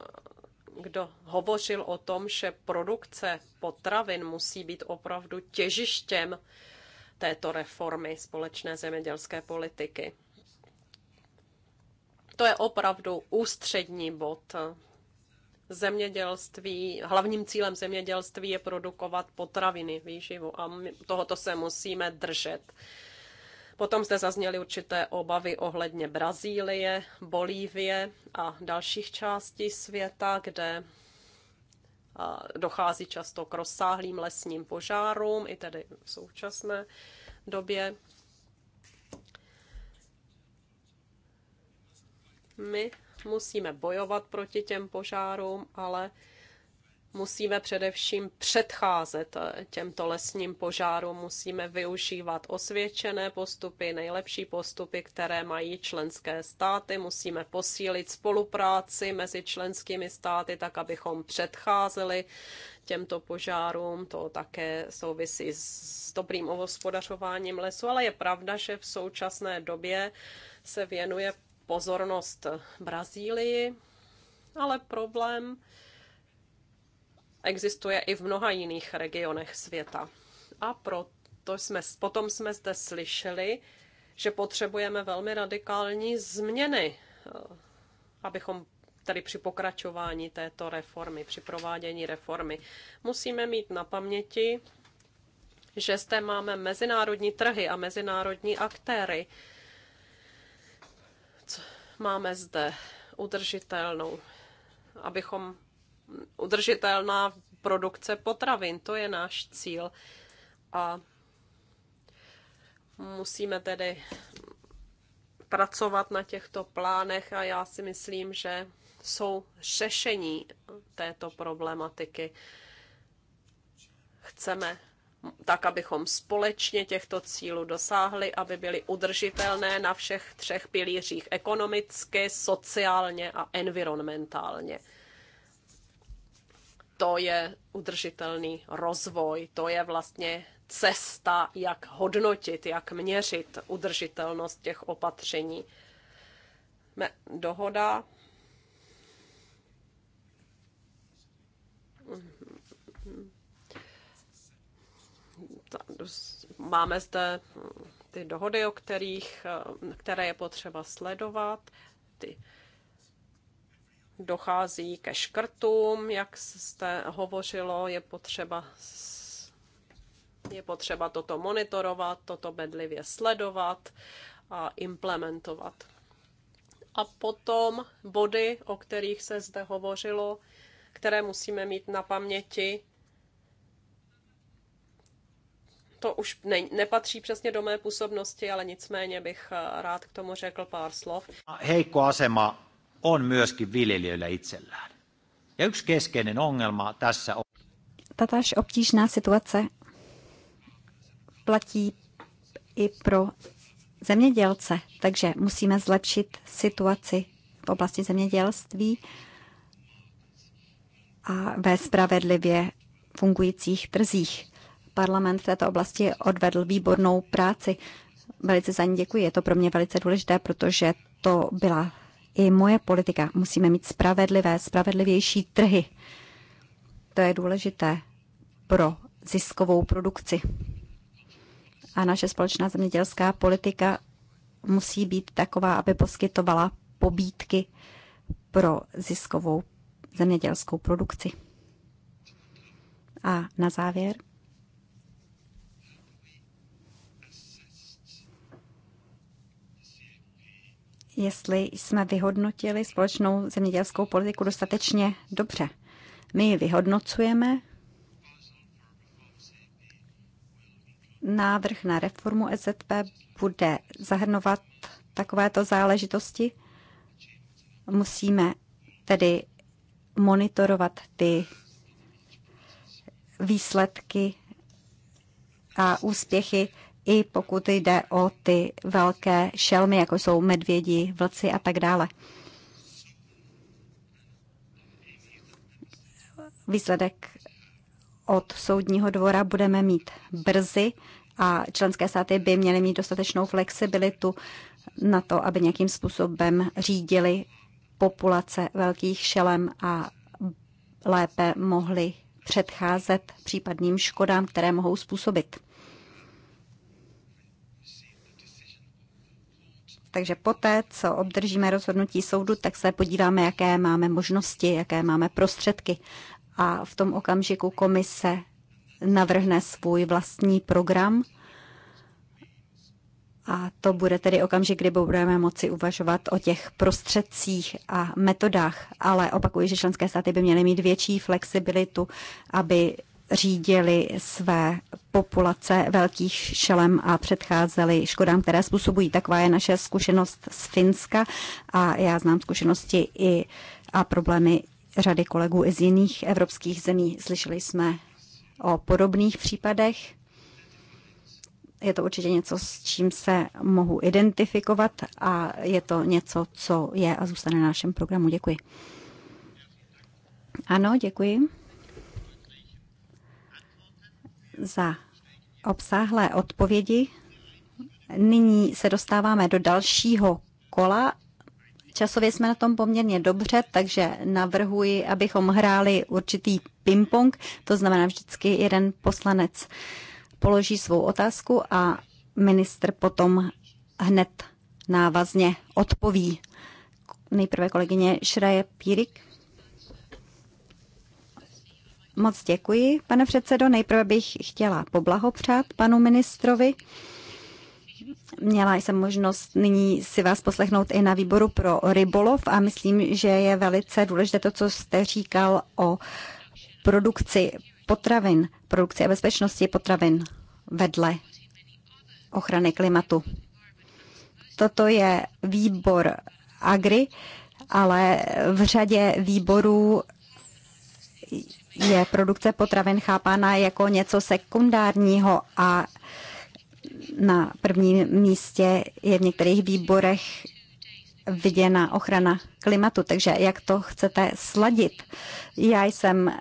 kdo hovořil o tom, že produkce potravin musí být opravdu těžištěm této reformy společné zemědělské politiky. To je opravdu ústřední bod. Zemědělství, hlavním cílem zemědělství je produkovat potraviny, výživu a tohoto se musíme držet. Potom zde zazněly určité obavy ohledně Brazílie, Bolívie a dalších částí světa, kde dochází často k rozsáhlým lesním požárům, i tedy v současné době. My musíme bojovat proti těm požárům, ale musíme především předcházet eh, těmto lesním požárům, musíme využívat osvědčené postupy, nejlepší postupy, které mají členské státy, musíme posílit spolupráci mezi členskými státy, tak abychom předcházeli těmto požárům. To také souvisí s dobrým ohospodařováním lesu, ale je pravda, že v současné době se věnuje pozornost Brazílii, ale problém existuje i v mnoha jiných regionech světa. A proto jsme, potom jsme zde slyšeli, že potřebujeme velmi radikální změny, eh, abychom tady při pokračování této reformy, při provádění reformy, musíme mít na paměti, že zde máme mezinárodní trhy a mezinárodní aktéry. Co máme zde udržitelnou, abychom udržitelná produkce potravin. To je náš cíl. A musíme tedy pracovat na těchto plánech a já si myslím, že jsou řešení této problematiky. Chceme tak, abychom společně těchto cílů dosáhli, aby byly udržitelné na všech třech pilířích ekonomicky, sociálně a environmentálně to je udržitelný rozvoj, to je vlastně cesta, jak hodnotit, jak měřit udržitelnost těch opatření. Me Dohoda máme zde ty dohody, o kterých, které je potřeba sledovat, ty dochází ke škrtům, jak jste hovořilo, je potřeba je potřeba toto monitorovat, toto bedlivě sledovat a implementovat. A potom body, o kterých se zde hovořilo, které musíme mít na paměti, to už ne, nepatří přesně do mé působnosti, ale nicméně bych rád k tomu řekl pár slov. Heikko asema on myöskin viljelijöillä itsellään. Ja yksi keskeinen ongelma tässä on... Tataž obtížná situace platí i pro zemědělce, takže musíme zlepšit situaci v oblasti zemědělství a ve spravedlivě fungujících trzích. Parlament v této oblasti odvedl výbornou práci. Velice za ní děkuji. Je to pro mě velice důležité, protože to byla i moje politika. Musíme mít spravedlivé, spravedlivější trhy. To je důležité pro ziskovou produkci. A naše společná zemědělská politika musí být taková, aby poskytovala pobídky pro ziskovou zemědělskou produkci. A na závěr jestli jsme vyhodnotili společnou zemědělskou politiku dostatečně dobře. My ji vyhodnocujeme. Návrh na reformu EZP bude zahrnovat takovéto záležitosti. Musíme tedy monitorovat ty výsledky a úspěchy i pokud jde o ty velké šelmy, jako jsou medvědi, vlci a tak dále. Výsledek od soudního dvora budeme mít brzy a členské státy by měly mít dostatečnou flexibilitu na to, aby nějakým způsobem řídili populace velkých šelem a lépe mohli předcházet případným škodám, které mohou způsobit. Takže poté, co obdržíme rozhodnutí soudu, tak se podíváme, jaké máme možnosti, jaké máme prostředky. A v tom okamžiku komise navrhne svůj vlastní program. A to bude tedy okamžik, kdy budeme moci uvažovat o těch prostředcích a metodách, ale opakuji, že členské státy by měly mít větší flexibilitu, aby řídili své populace velkých šelem a předcházeli škodám, které způsobují. Taková je naše zkušenost z Finska a já znám zkušenosti i a problémy řady kolegů i z jiných evropských zemí. Slyšeli jsme o podobných případech. Je to určitě něco, s čím se mohu identifikovat a je to něco, co je a zůstane na našem programu. Děkuji. Ano, děkuji za obsáhlé odpovědi. Nyní se dostáváme do dalšího kola. Časově jsme na tom poměrně dobře, takže navrhuji, abychom hráli určitý ping-pong, to znamená vždycky jeden poslanec položí svou otázku a ministr potom hned návazně odpoví. Nejprve kolegyně Šraje Pírik. Moc děkuji, pane předsedo. Nejprve bych chtěla poblahopřát panu ministrovi. Měla jsem možnost nyní si vás poslechnout i na výboru pro rybolov a myslím, že je velice důležité to, co jste říkal o produkci potravin, produkci a bezpečnosti potravin vedle ochrany klimatu. Toto je výbor Agri, ale v řadě výborů je produkce potravin chápána jako něco sekundárního a na prvním místě je v některých výborech viděna ochrana klimatu. Takže jak to chcete sladit? Já jsem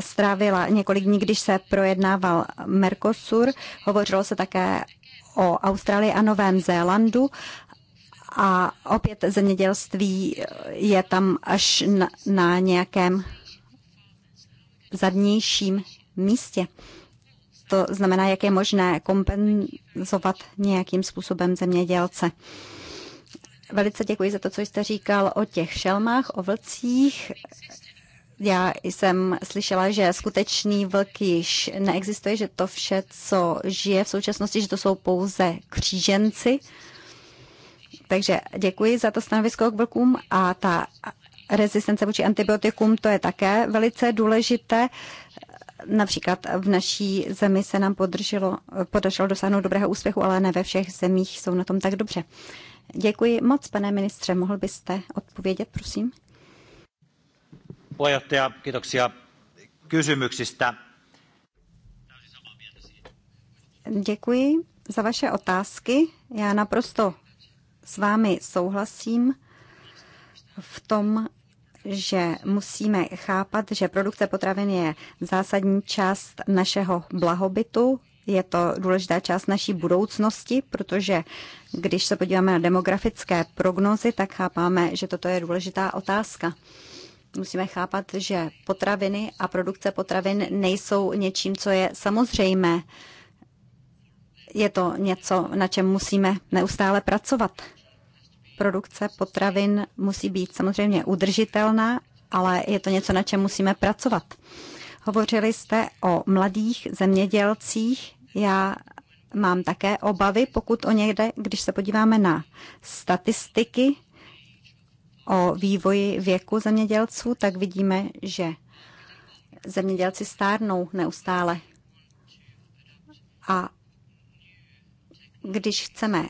strávila několik dní, když se projednával Mercosur. Hovořilo se také o Austrálii a Novém Zélandu. A opět zemědělství je tam až na, na nějakém zadnějším místě. To znamená, jak je možné kompenzovat nějakým způsobem zemědělce. Velice děkuji za to, co jste říkal o těch šelmách, o vlcích. Já jsem slyšela, že skutečný vlk již neexistuje, že to vše, co žije v současnosti, že to jsou pouze kříženci. Takže děkuji za to stanovisko k vlkům a ta rezistence vůči antibiotikům, to je také velice důležité. Například v naší zemi se nám podržilo, podařilo dosáhnout dobrého úspěchu, ale ne ve všech zemích jsou na tom tak dobře. Děkuji moc, pane ministře. Mohl byste odpovědět, prosím? Puheenjohtaja, kiitoksia kysymyksistä. Děkuji za vaše otázky. Já naprosto s vámi souhlasím v tom, že musíme chápat, že produkce potravin je zásadní část našeho blahobytu, je to důležitá část naší budoucnosti, protože když se podíváme na demografické prognozy, tak chápáme, že toto je důležitá otázka. Musíme chápat, že potraviny a produkce potravin nejsou něčím, co je samozřejmé. Je to něco, na čem musíme neustále pracovat produkce potravin musí být samozřejmě udržitelná, ale je to něco, na čem musíme pracovat. Hovořili jste o mladých zemědělcích. Já mám také obavy, pokud o někde, když se podíváme na statistiky o vývoji věku zemědělců, tak vidíme, že zemědělci stárnou neustále. A když chceme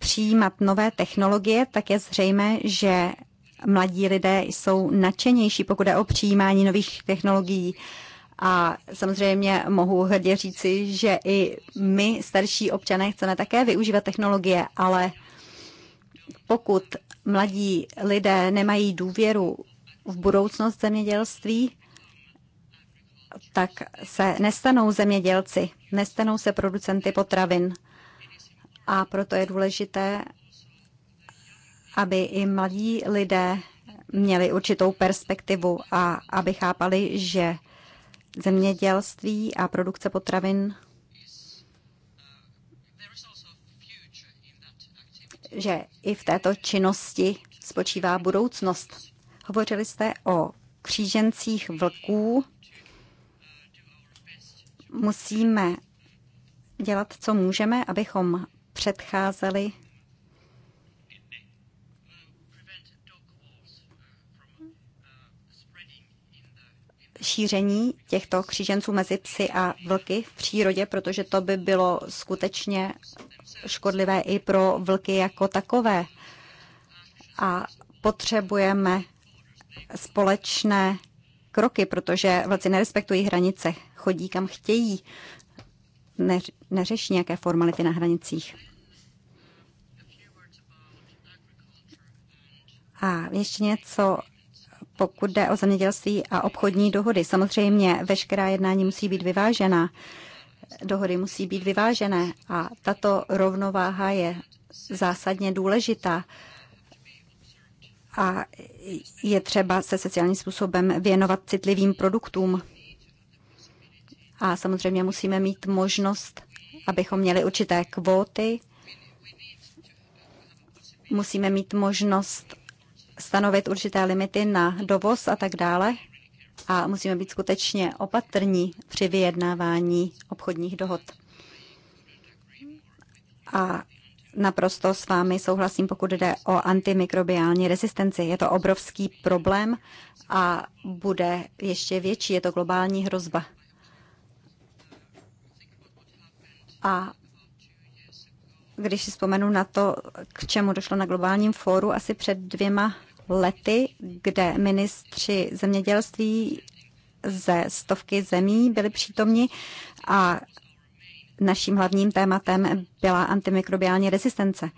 přijímat nové technologie, tak je zřejmé, že mladí lidé jsou nadšenější, pokud je o přijímání nových technologií. A samozřejmě mohu hrdě říci, že i my, starší občané, chceme také využívat technologie, ale pokud mladí lidé nemají důvěru v budoucnost zemědělství, tak se nestanou zemědělci, nestanou se producenty potravin a proto je důležité, aby i mladí lidé měli určitou perspektivu a aby chápali, že zemědělství a produkce potravin že i v této činnosti spočívá budoucnost. Hovořili jste o křížencích vlků. Musíme dělat, co můžeme, abychom předcházely šíření těchto kříženců mezi psy a vlky v přírodě, protože to by bylo skutečně škodlivé i pro vlky jako takové. A potřebujeme společné kroky, protože vlci nerespektují hranice, chodí kam chtějí, neřeší nějaké formality na hranicích. A ještě něco, pokud jde o zemědělství a obchodní dohody. Samozřejmě veškerá jednání musí být vyvážena. Dohody musí být vyvážené a tato rovnováha je zásadně důležitá a je třeba se sociálním způsobem věnovat citlivým produktům. A samozřejmě musíme mít možnost, abychom měli určité kvóty. Musíme mít možnost stanovit určité limity na dovoz a tak dále. A musíme být skutečně opatrní při vyjednávání obchodních dohod. A naprosto s vámi souhlasím, pokud jde o antimikrobiální rezistenci. Je to obrovský problém a bude ještě větší. Je to globální hrozba. A když si vzpomenu na to, k čemu došlo na globálním fóru asi před dvěma lety, kde ministři zemědělství ze stovky zemí byli přítomni a naším hlavním tématem byla antimikrobiální rezistence.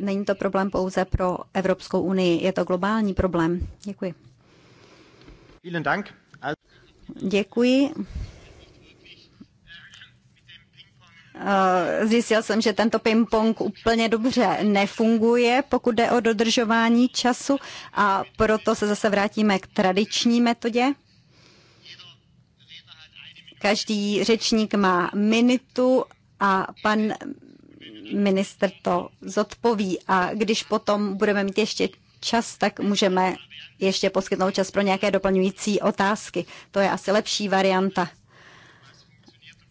Není to problém pouze pro Evropskou unii, je to globální problém. Děkuji. Děkuji. Eh, zjistil jsem, že tento ping-pong úplně dobře nefunguje, pokud jde o dodržování času a proto se zase vrátíme k tradiční metodě. Každý řečník má minutu a pan minister to zodpoví a když potom budeme mít ještě čas, tak můžeme ještě poskytnout čas pro nějaké doplňující otázky. To je asi lepší varianta.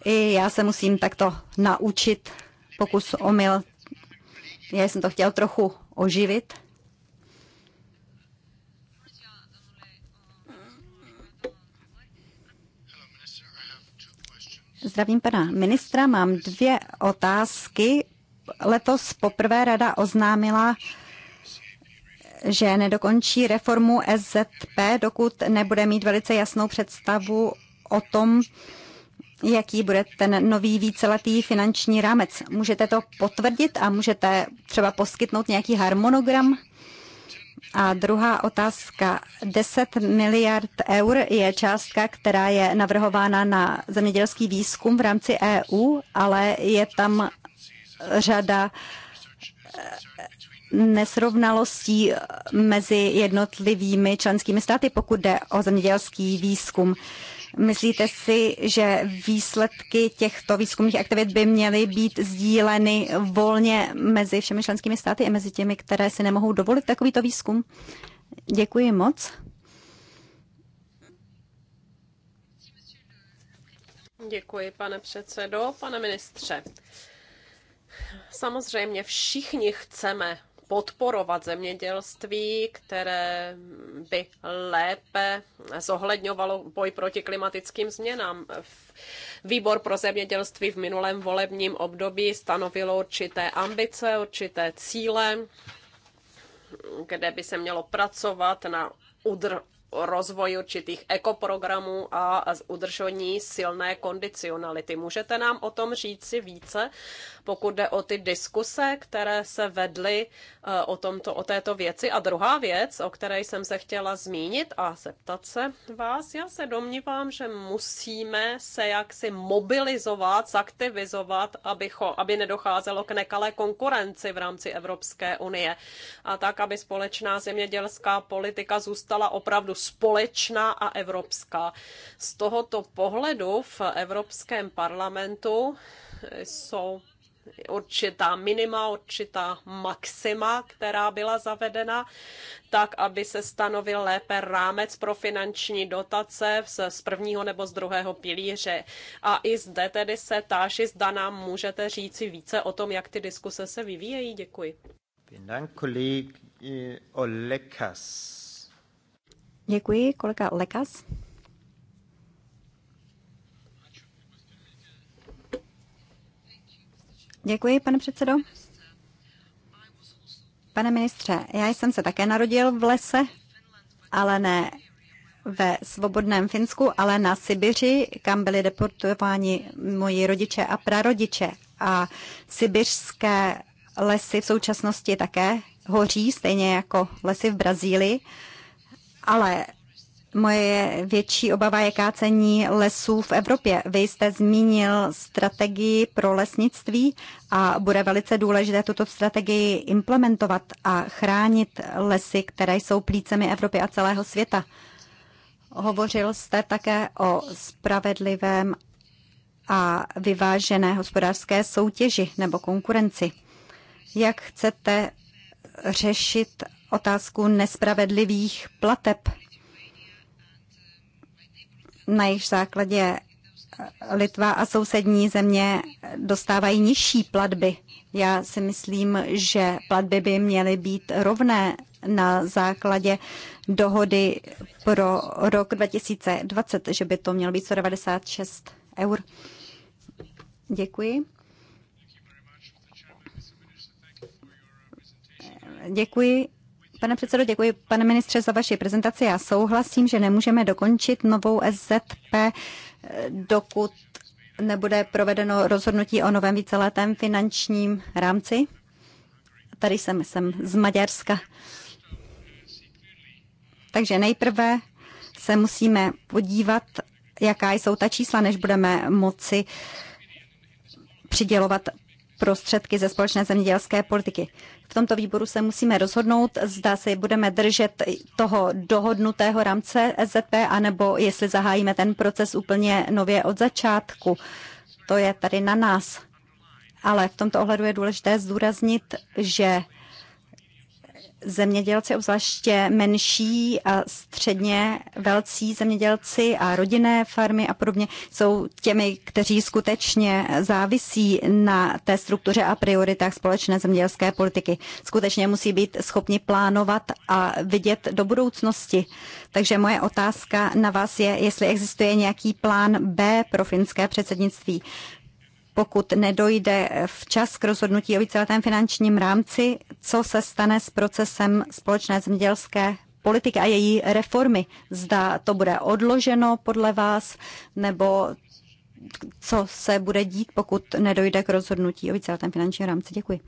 I já se musím takto naučit pokus omyl. Já jsem to chtěl trochu oživit. Zdravím pana ministra, mám dvě otázky. Letos poprvé rada oznámila, že nedokončí reformu SZP, dokud nebude mít velice jasnou představu o tom, jaký bude ten nový víceletý finanční rámec. Můžete to potvrdit a můžete třeba poskytnout nějaký harmonogram? A druhá otázka. 10 miliard eur je částka, která je navrhována na zemědělský výzkum v rámci EU, ale je tam řada eh, nesrovnalostí mezi jednotlivými členskými státy, pokud jde o zemědělský výzkum. Myslíte si, že výsledky těchto výzkumných aktivit by měly být sdíleny volně mezi všemi členskými státy a mezi těmi, které si nemohou dovolit takovýto výzkum? Děkuji moc. Děkuji, pane předsedo, pane ministře. Samozřejmě všichni chceme podporovat zemědělství, které by lépe zohledňovalo boj proti klimatickým změnám. Výbor pro zemědělství v minulém volebním období stanovilo určité ambice, určité cíle, kde by se mělo pracovat na udr- rozvoj určitých ekoprogramů a udržení silné kondicionality. Můžete nám o tom říci více, pokud jde o ty diskuse, které se vedly eh, o, tomto, o této věci? A druhá věc, o které jsem se chtěla zmínit a zeptat se vás, já se domnívám, že musíme se jaksi mobilizovat, zaktivizovat, abycho, aby nedocházelo k nekalé konkurenci v rámci Evropské unie a tak, aby společná zemědělská politika zůstala opravdu společná a evropská. Z tohoto pohledu v Evropském parlamentu jsou určitá minima, určitá maxima, která byla zavedena, tak, aby se stanovil lépe rámec pro finanční dotace z prvního nebo z druhého pilíře. A i zde tedy se táši, zda nám můžete říci více o tom, jak ty diskuse se vyvíjejí. Děkuji. Vielen Dank, Kollege eh, Olekas. Děkuji, kolega Lekas. Děkuji, pane předsedo. Pane ministře, já jsem se také narodil v lese, ale ne ve svobodném Finsku, ale na Sibiři, kam byli deportováni moji rodiče a prarodiče. A sibiřské lesy v současnosti také hoří, stejně jako lesy v Brazílii. Ale Moje větší obava je kácení lesů v Evropě. Vy jste zmínil strategii pro lesnictví a bude velice důležité tuto strategii implementovat a chránit lesy, které jsou plícemi Evropy a celého světa. Hovořil jste také o spravedlivém a vyvážené hospodářské soutěži nebo konkurenci. Jak chcete řešit otázku nespravedlivých plateb, na jejich základě Litva a sousední země dostávají nižší platby. Já si myslím, že platby by měly být rovné na základě dohody pro rok 2020, že by to mělo být 196 eur. Děkuji. Děkuji Pane předsedo, děkuji, pane ministře, za vaši prezentaci. Já souhlasím, že nemůžeme dokončit novou SZP, eh, dokud nebude provedeno rozhodnutí o novém víceletém finančním rámci. Tady jsem, jsem z Maďarska. Takže nejprve se musíme podívat, jaká jsou ta čísla, než budeme moci přidělovat prostředky ze společné zemědělské politiky. V tomto výboru se musíme rozhodnout, zda se budeme držet toho dohodnutého rámce SZP, anebo jestli zahájíme ten proces úplně nově od začátku. To je tady na nás. Ale v tomto ohledu je důležité zdůraznit, že zemědělci, obzvláště menší a středně velcí zemědělci a rodinné farmy a podobně, jsou těmi, kteří skutečně závisí na té struktuře a prioritách společné zemědělské politiky. Skutečně musí být schopni plánovat a vidět do budoucnosti. Takže moje otázka na vás je, jestli existuje nějaký plán B pro finské předsednictví pokud nedojde včas k rozhodnutí o víceletém finančním rámci, co se stane s procesem společné zemědělské politiky a její reformy. Zda to bude odloženo podle vás, nebo co se bude dít, pokud nedojde k rozhodnutí o víceletém finančním rámci. Děkuji.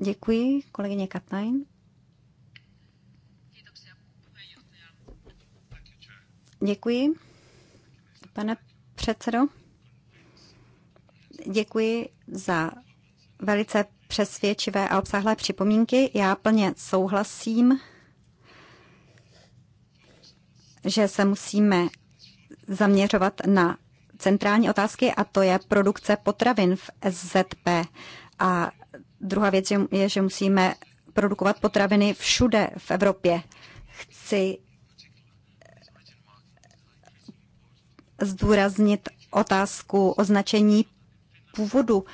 Děkuji, kolegyně Katajn. Děkuji, pane předsedo. Děkuji za velice přesvědčivé a obsahlé připomínky. Já plně souhlasím, že se musíme zaměřovat na centrální otázky a to je produkce potravin v SZP. A druhá věc je, že musíme produkovat potraviny všude v Evropě. Chci zdůraznit otázku označení původu.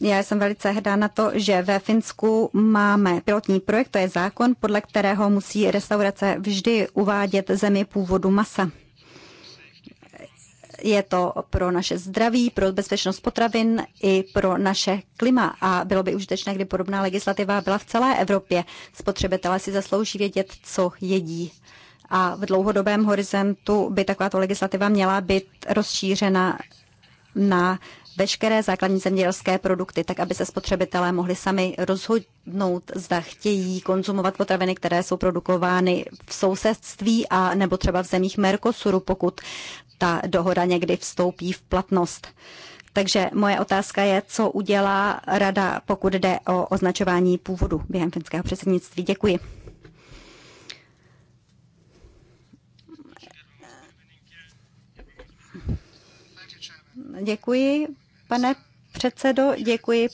Já jsem velice hrdá na to, že ve Finsku máme pilotní projekt, to je zákon, podle kterého musí restaurace vždy uvádět zemi původu masa. Je to pro naše zdraví, pro bezpečnost potravin i pro naše klima a bylo by užitečné, kdy podobná legislativa byla v celé Evropě. Spotřebitelé si zaslouží vědět, co jedí a v dlouhodobém horizontu by takováto legislativa měla být rozšířena na veškeré základní zemědělské produkty, tak aby se spotřebitelé mohli sami rozhodnout, zda chtějí konzumovat potraviny, které jsou produkovány v sousedství a nebo třeba v zemích Mercosuru, pokud ta dohoda někdy vstoupí v platnost. Takže moje otázka je, co udělá rada, pokud jde o označování původu během finského předsednictví. Děkuji. Děkuji, pane předsedo, děkuji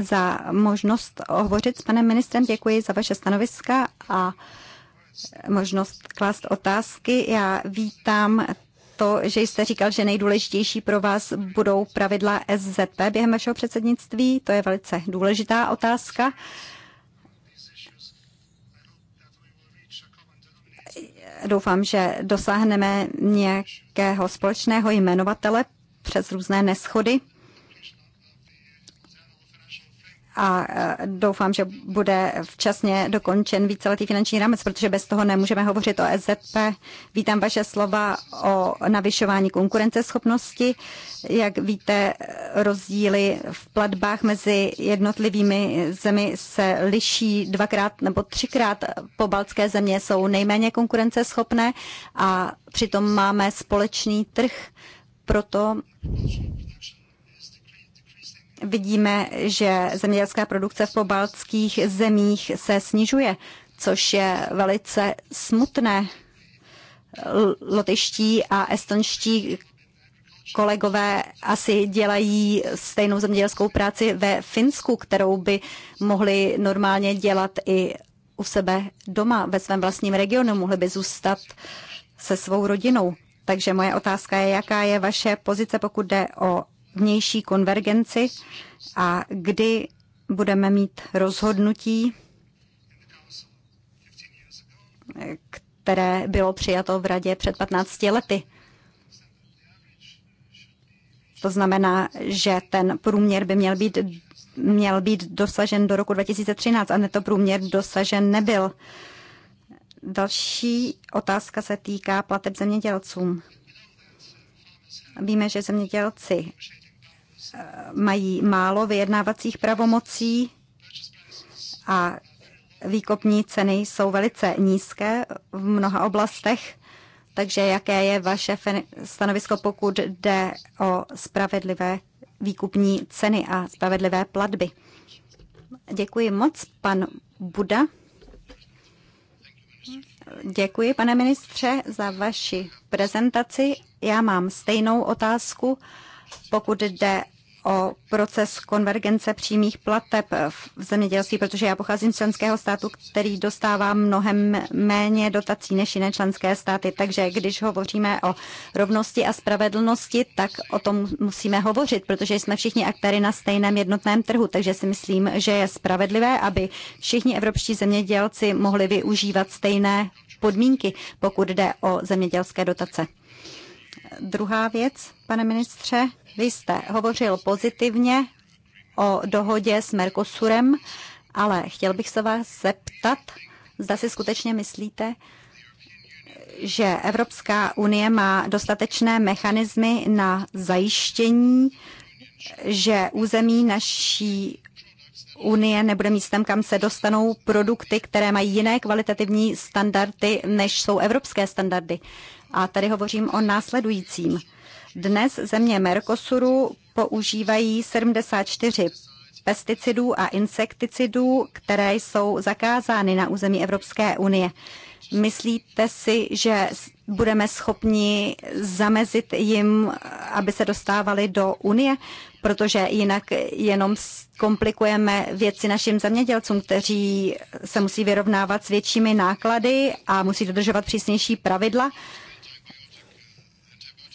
za možnost hovořit s panem ministrem, děkuji za vaše stanoviska a možnost klást otázky. Já vítám to, že jste říkal, že nejdůležitější pro vás budou pravidla SZP během vašeho předsednictví. To je velice důležitá otázka. Uh, doufám, že dosáhneme nějakého společného jmenovatele přes různé neschody a e, doufám, že bude včasně dokončen víceletý finanční rámec, protože bez toho nemůžeme hovořit o SZP. Vítám vaše slova o navyšování konkurenceschopnosti. Jak víte, rozdíly v platbách mezi jednotlivými zemi se liší dvakrát nebo třikrát. Po baltské země jsou nejméně konkurenceschopné a přitom máme společný trh, proto vidíme, že zemědělská produkce v pobaltských zemích se snižuje, což je velice smutné. Lotyští a estonští kolegové asi dělají stejnou zemědělskou práci ve Finsku, kterou by mohli normálně dělat i u sebe doma, ve svém vlastním regionu, mohli by zůstat se svou rodinou. Takže moje otázka je, jaká je vaše pozice, pokud jde o vnější konvergenci a kdy budeme mít rozhodnutí, které bylo přijato v radě před 15 lety. To znamená, že ten průměr by měl být, měl být dosažen do roku 2013 a ne to průměr dosažen nebyl. Další otázka se týká plateb zemědělcům. Víme, že zemědělci Eh, mají málo vyjednávacích pravomocí a výkopní ceny jsou velice nízké v mnoha oblastech. Takže jaké je vaše stanovisko, pokud jde o spravedlivé výkupní ceny a spravedlivé platby? Děkuji moc, pan Buda. Děkuji, pane ministře, za vaši prezentaci. Já mám stejnou otázku pokud jde o proces konvergence přímých plateb v zemědělství, protože já pocházím z členského státu, který dostává mnohem méně dotací než jiné členské státy. Takže když hovoříme o rovnosti a spravedlnosti, tak o tom musíme hovořit, protože jsme všichni aktéry na stejném jednotném trhu. Takže si myslím, že je spravedlivé, aby všichni evropští zemědělci mohli využívat stejné podmínky, pokud jde o zemědělské dotace. Druhá věc, pane ministře, vy jste hovořil pozitivně o dohodě s Mercosurem, ale chtěl bych se vás zeptat, zda si skutečně myslíte, že Evropská unie má dostatečné mechanismy na zajištění, že území naší Unie nebude místem, kam se dostanou produkty, které mají jiné kvalitativní standardy, než jsou evropské standardy. A tady hovořím o následujícím. Dnes země Mercosuru používají 74 pesticidů a insekticidů, které jsou zakázány na území Evropské unie. Myslíte si, že budeme schopni zamezit jim, aby se dostávali do Unie? Protože jinak jenom komplikujeme věci našim zemědělcům, kteří se musí vyrovnávat s většími náklady a musí dodržovat přísnější pravidla.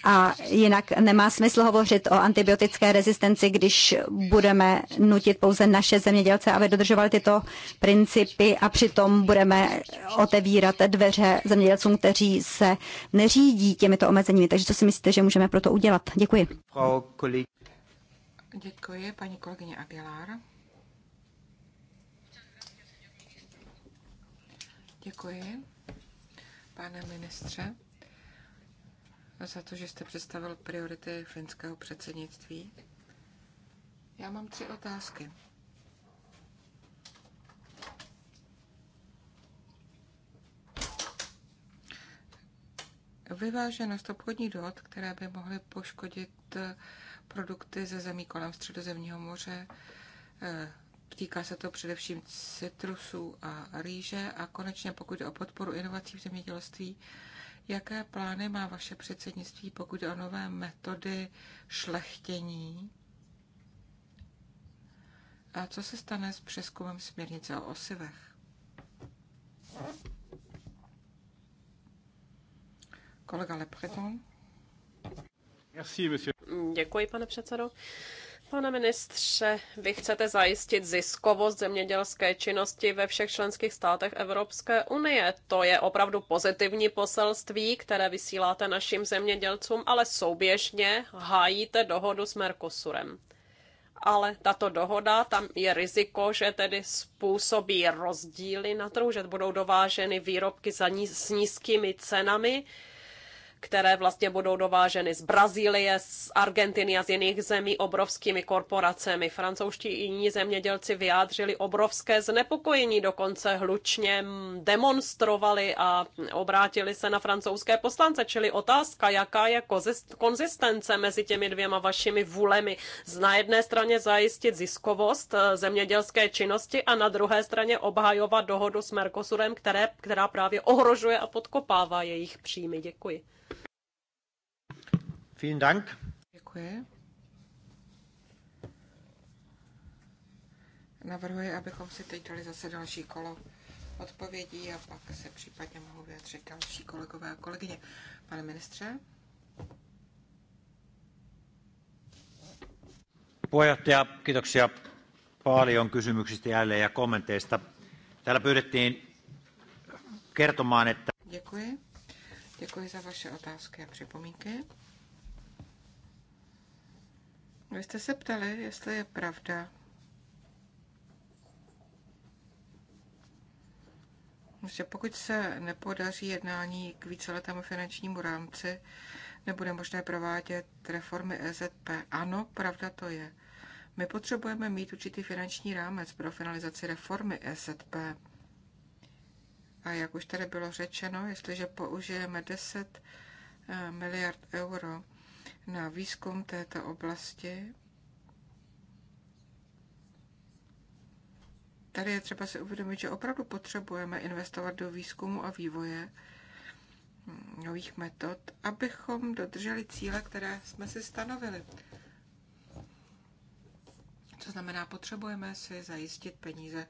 A jinak nemá smysl hovořit o antibiotické rezistenci, když budeme nutit pouze naše zemědělce, aby dodržovali tyto principy a přitom budeme otevírat dveře zemědělcům, kteří se neřídí těmito omezeními. Takže co si myslíte, že můžeme pro to udělat? Děkuji. Děkuji, paní kolegyně Aguilar. Děkuji, pane ministře za to, že jste představil priority finského předsednictví. Já mám tři otázky. Vyváženost obchodních dohod, které by mohly poškodit eh, produkty ze zemí kolem Středozemního moře, eh, Týká se to především citrusů a rýže a konečně pokud o podporu inovací v zemědělství, Jaké plány má vaše předsednictví, pokud o nové metody šlechtění? A co se stane s přeskumem směrnice o osivech? Kolega Lepreton. Děkuji, pane předsedo. Pane ministře, vy chcete zajistit ziskovost zemědělské činnosti ve všech členských státech Evropské unie. To je opravdu pozitivní poselství, které vysíláte našim zemědělcům, ale souběžně hájíte dohodu s Mercosurem. Ale tato dohoda, tam je riziko, že tedy způsobí rozdíly na trhu, že budou dováženy výrobky za ní, s nízkými cenami které vlastně budou dováženy z Brazílie, z Argentiny a z jiných zemí obrovskými korporacemi. Francouzští i jiní zemědělci vyjádřili obrovské znepokojení, dokonce hlučně demonstrovali a obrátili se na francouzské poslance. Čili otázka, jaká je konzistence mezi těmi dvěma vašimi vůlemi. Z na jedné straně zajistit ziskovost eh, zemědělské činnosti a na druhé straně obhajovat dohodu s Mercosurem, které, která právě ohrožuje a podkopává jejich příjmy. Děkuji. Vielen Dank. Děkuji. Navrhuji, abychom si teď dali zase další kolo odpovědí a pak se případně mohou vyjadřit další kolegové a kolegyně. Pane ministře? Puheenjohtaja, kiitoksia paljon kysymyksistä jälleen ja kommenteista. Täällä pyydettiin kertomaan, että... Děkuji. Děkuji za vaše otázky a připomínky. Vy jste se ptali, jestli je pravda, že pokud se nepodaří jednání k víceletému finančnímu rámci, nebude možné provádět reformy EZP. Ano, pravda to je. My potřebujeme mít určitý finanční rámec pro finalizaci reformy EZP. A jak už tady bylo řečeno, jestliže použijeme 10 eh, miliard euro na výzkum této oblasti. Tady je třeba si uvědomit, že opravdu potřebujeme investovat do výzkumu a vývoje nových metod, abychom dodrželi cíle, které jsme si stanovili. Co znamená, potřebujeme si zajistit peníze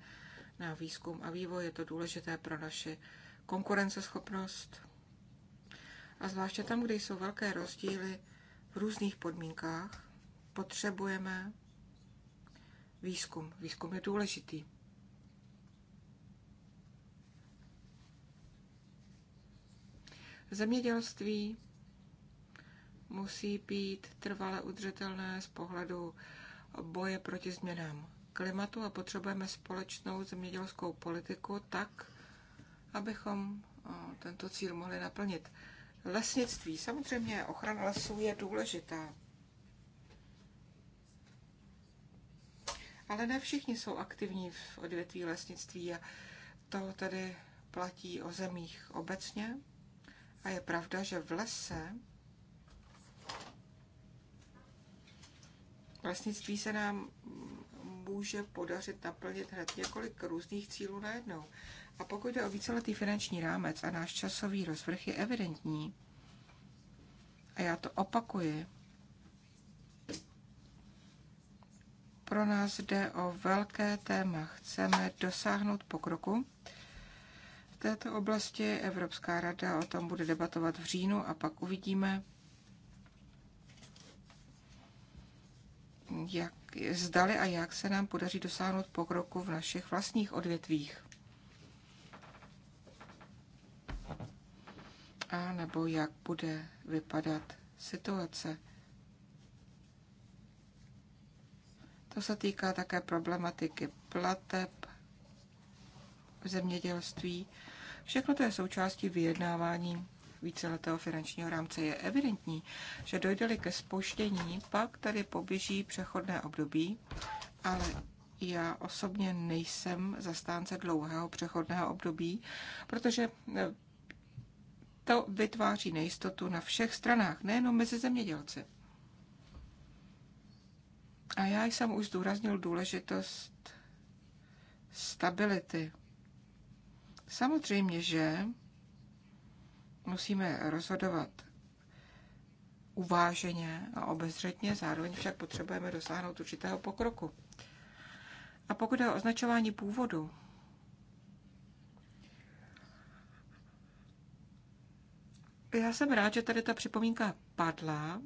na výzkum a vývoj. Je to důležité pro naši konkurenceschopnost. A zvláště tam, kde jsou velké rozdíly v různých podmínkách potřebujeme výzkum. Výzkum je důležitý. Zemědělství musí být trvale udržitelné z pohledu boje proti změnám klimatu a potřebujeme společnou zemědělskou politiku tak, abychom eh, tento cíl mohli naplnit. Lesnictví. Samozřejmě ochrana lesů je důležitá. Ale ne všichni jsou aktivní v odvětví lesnictví a to tedy platí o zemích obecně. A je pravda, že v lese lesnictví se nám může podařit naplnit hned několik různých cílů najednou. A pokud jde o víceletý finanční rámec a náš časový rozvrh je evidentní, a já to opakuji, pro nás jde o velké téma. Chceme dosáhnout pokroku. V této oblasti Evropská rada o tom bude debatovat v říjnu a pak uvidíme, jak, zdali a jak se nám podaří dosáhnout pokroku v našich vlastních odvětvích. a nebo jak bude vypadat situace. To se týká také problematiky plateb v zemědělství. Všechno to je součástí vyjednávání víceletého finančního rámce. Je evidentní, že dojde ke spoštění, pak tady poběží přechodné období, ale já osobně nejsem zastánce dlouhého přechodného období, protože eh, to vytváří nejistotu na všech stranách, nejenom mezi zemědělci. A já jsem už zdůraznil důležitost stability. Samozřejmě, že musíme rozhodovat uváženě a obezřetně, zároveň však potřebujeme dosáhnout určitého pokroku. A pokud je o označování původu, Já jsem rád, že tady ta připomínka padla.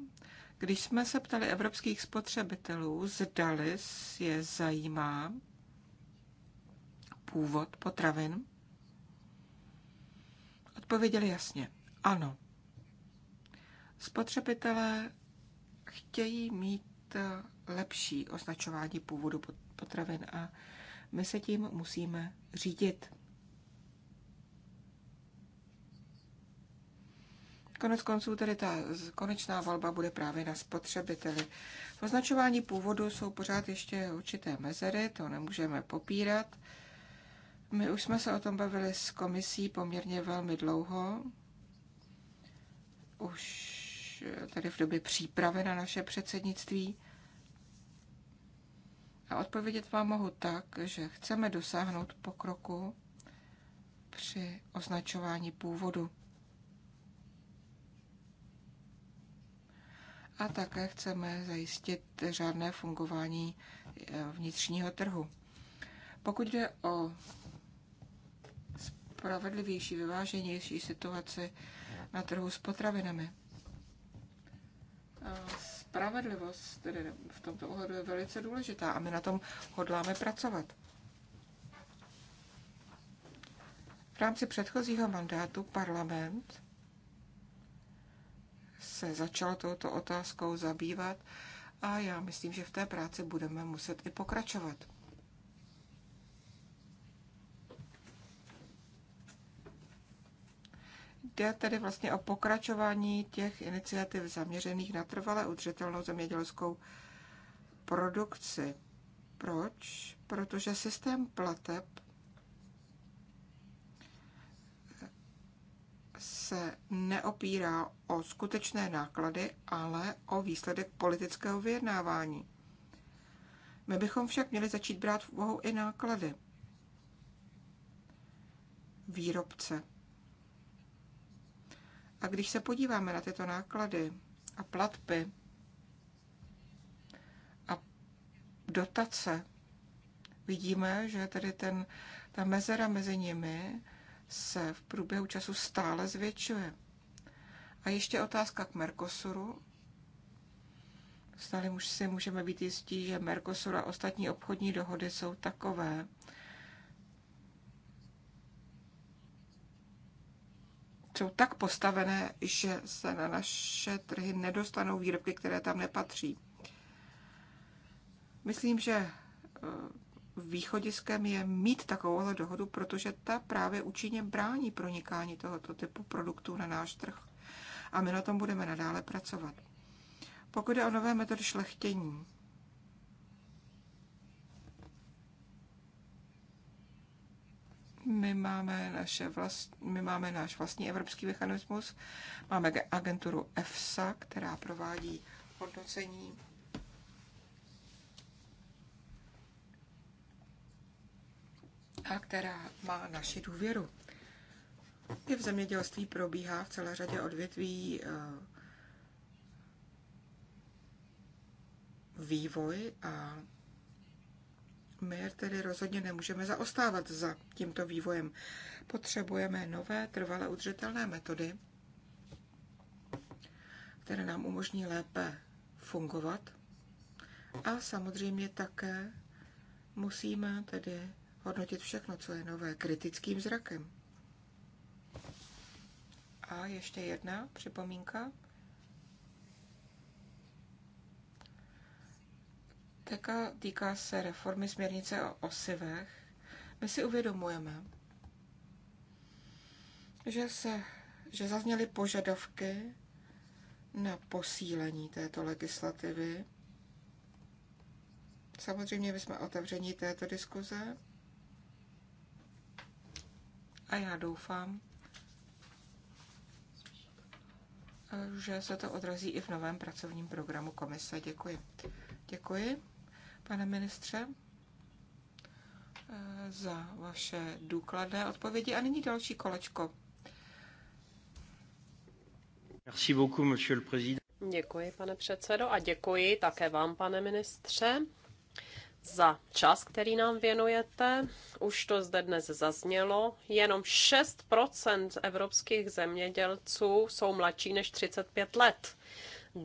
Když jsme se ptali evropských spotřebitelů, zdali je zajímá původ potravin, odpověděli jasně, ano. Spotřebitelé chtějí mít lepší označování původu potravin a my se tím musíme řídit. Konec konců tedy ta konečná valba bude právě na spotřebiteli. V označování původu jsou pořád ještě určité mezery, to nemůžeme popírat. My už jsme se o tom bavili s komisí poměrně velmi dlouho, už eh, tady v době přípravy na naše předsednictví. A odpovědět vám mohu tak, že chceme dosáhnout pokroku při označování původu. a také chceme zajistit řádné fungování eh, vnitřního trhu. Pokud jde o spravedlivější, vyváženější situaci na trhu s potravinami, eh, spravedlivost tedy v tomto ohledu je velice důležitá a my na tom hodláme pracovat. V rámci předchozího mandátu parlament se začalo touto otázkou zabývat a já myslím, že v té práci budeme muset i pokračovat. Jde tedy vlastně o pokračování těch iniciativ zaměřených na trvale udržitelnou zemědělskou produkci. Proč? Protože systém plateb se neopírá o skutečné náklady, ale o výsledek politického vyjednávání. My bychom však měli začít brát v úvahu i náklady výrobce. A když se podíváme na tyto náklady a platby a dotace, vidíme, že tedy ten, ta mezera mezi nimi se v průběhu času stále zvětšuje. A ještě otázka k Mercosuru. Stále už si můžeme být jistí, že Mercosur a ostatní obchodní dohody jsou takové, jsou tak postavené, že se na naše trhy nedostanou výrobky, které tam nepatří. Myslím, že eh, východiskem je mít takovouhle dohodu, protože ta právě účinně brání pronikání tohoto typu produktů na náš trh. A my na tom budeme nadále pracovat. Pokud je o nové metody šlechtění, my máme, naše vlast, my máme náš vlastní evropský mechanismus, máme agenturu EFSA, která provádí hodnocení a která má naši důvěru. I v zemědělství probíhá v celé řadě odvětví eh, vývoj a my tedy rozhodně nemůžeme zaostávat za tímto vývojem. Potřebujeme nové, trvale udržitelné metody, které nám umožní lépe fungovat. A samozřejmě také musíme tedy hodnotit všechno, co je nové, kritickým zrakem. A ještě jedna připomínka. Teka týká se reformy směrnice o osivech. My si uvědomujeme, že, se, že zazněly požadavky na posílení této legislativy. Samozřejmě my jsme otevření této diskuze. A já doufám, že se to odrazí i v novém pracovním programu komise. Děkuji. Děkuji, pane ministře, za vaše důkladné odpovědi. A nyní další kolečko. Merci beaucoup, monsieur le président. Děkuji, pane předsedo, a děkuji také vám, pane ministře, za čas, který nám věnujete. Už to zde dnes zaznělo. Jenom 6 evropských zemědělců jsou mladší než 35 let.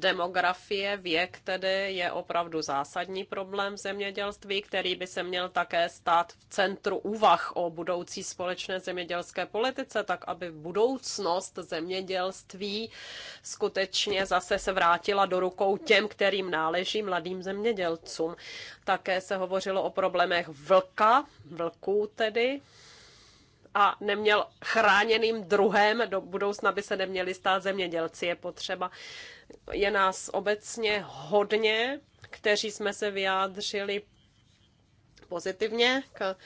Demografie, věk tedy je opravdu zásadní problém v zemědělství, který by se měl také stát v centru úvah o budoucí společné zemědělské politice, tak aby budoucnost zemědělství skutečně zase se vrátila do rukou těm, kterým náleží mladým zemědělcům. Také se hovořilo o problémech vlka, vlků tedy, a neměl chráněným druhem, do budoucna by se neměli stát zemědělci. Je potřeba je nás obecně hodně, kteří jsme se vyjádřili pozitivně k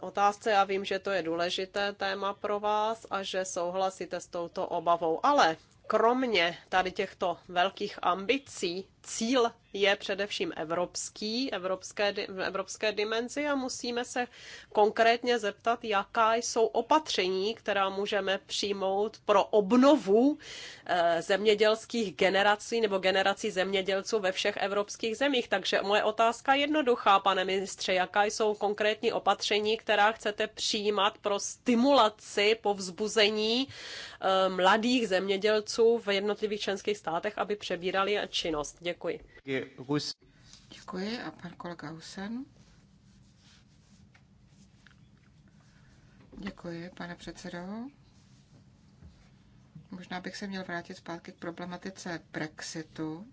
otázce. Já vím, že to je důležité téma pro vás a že souhlasíte s touto obavou. Ale kromě tady těchto velkých ambicí cíl je především evropský, evropské, evropské dimenzi a musíme se konkrétně zeptat, jaká jsou opatření, která můžeme přijmout pro obnovu eh, zemědělských generací nebo generací zemědělců ve všech evropských zemích. Takže moje otázka je jednoduchá, pane ministře, jaká jsou konkrétní opatření, která chcete přijímat pro stimulaci po vzbuzení eh, mladých zemědělců v jednotlivých členských státech, aby přebírali činnost. Děkuji. Děkuji a pan kolega Husen. Děkuji, pane předsedo. Možná bych se měl vrátit zpátky k problematice Brexitu,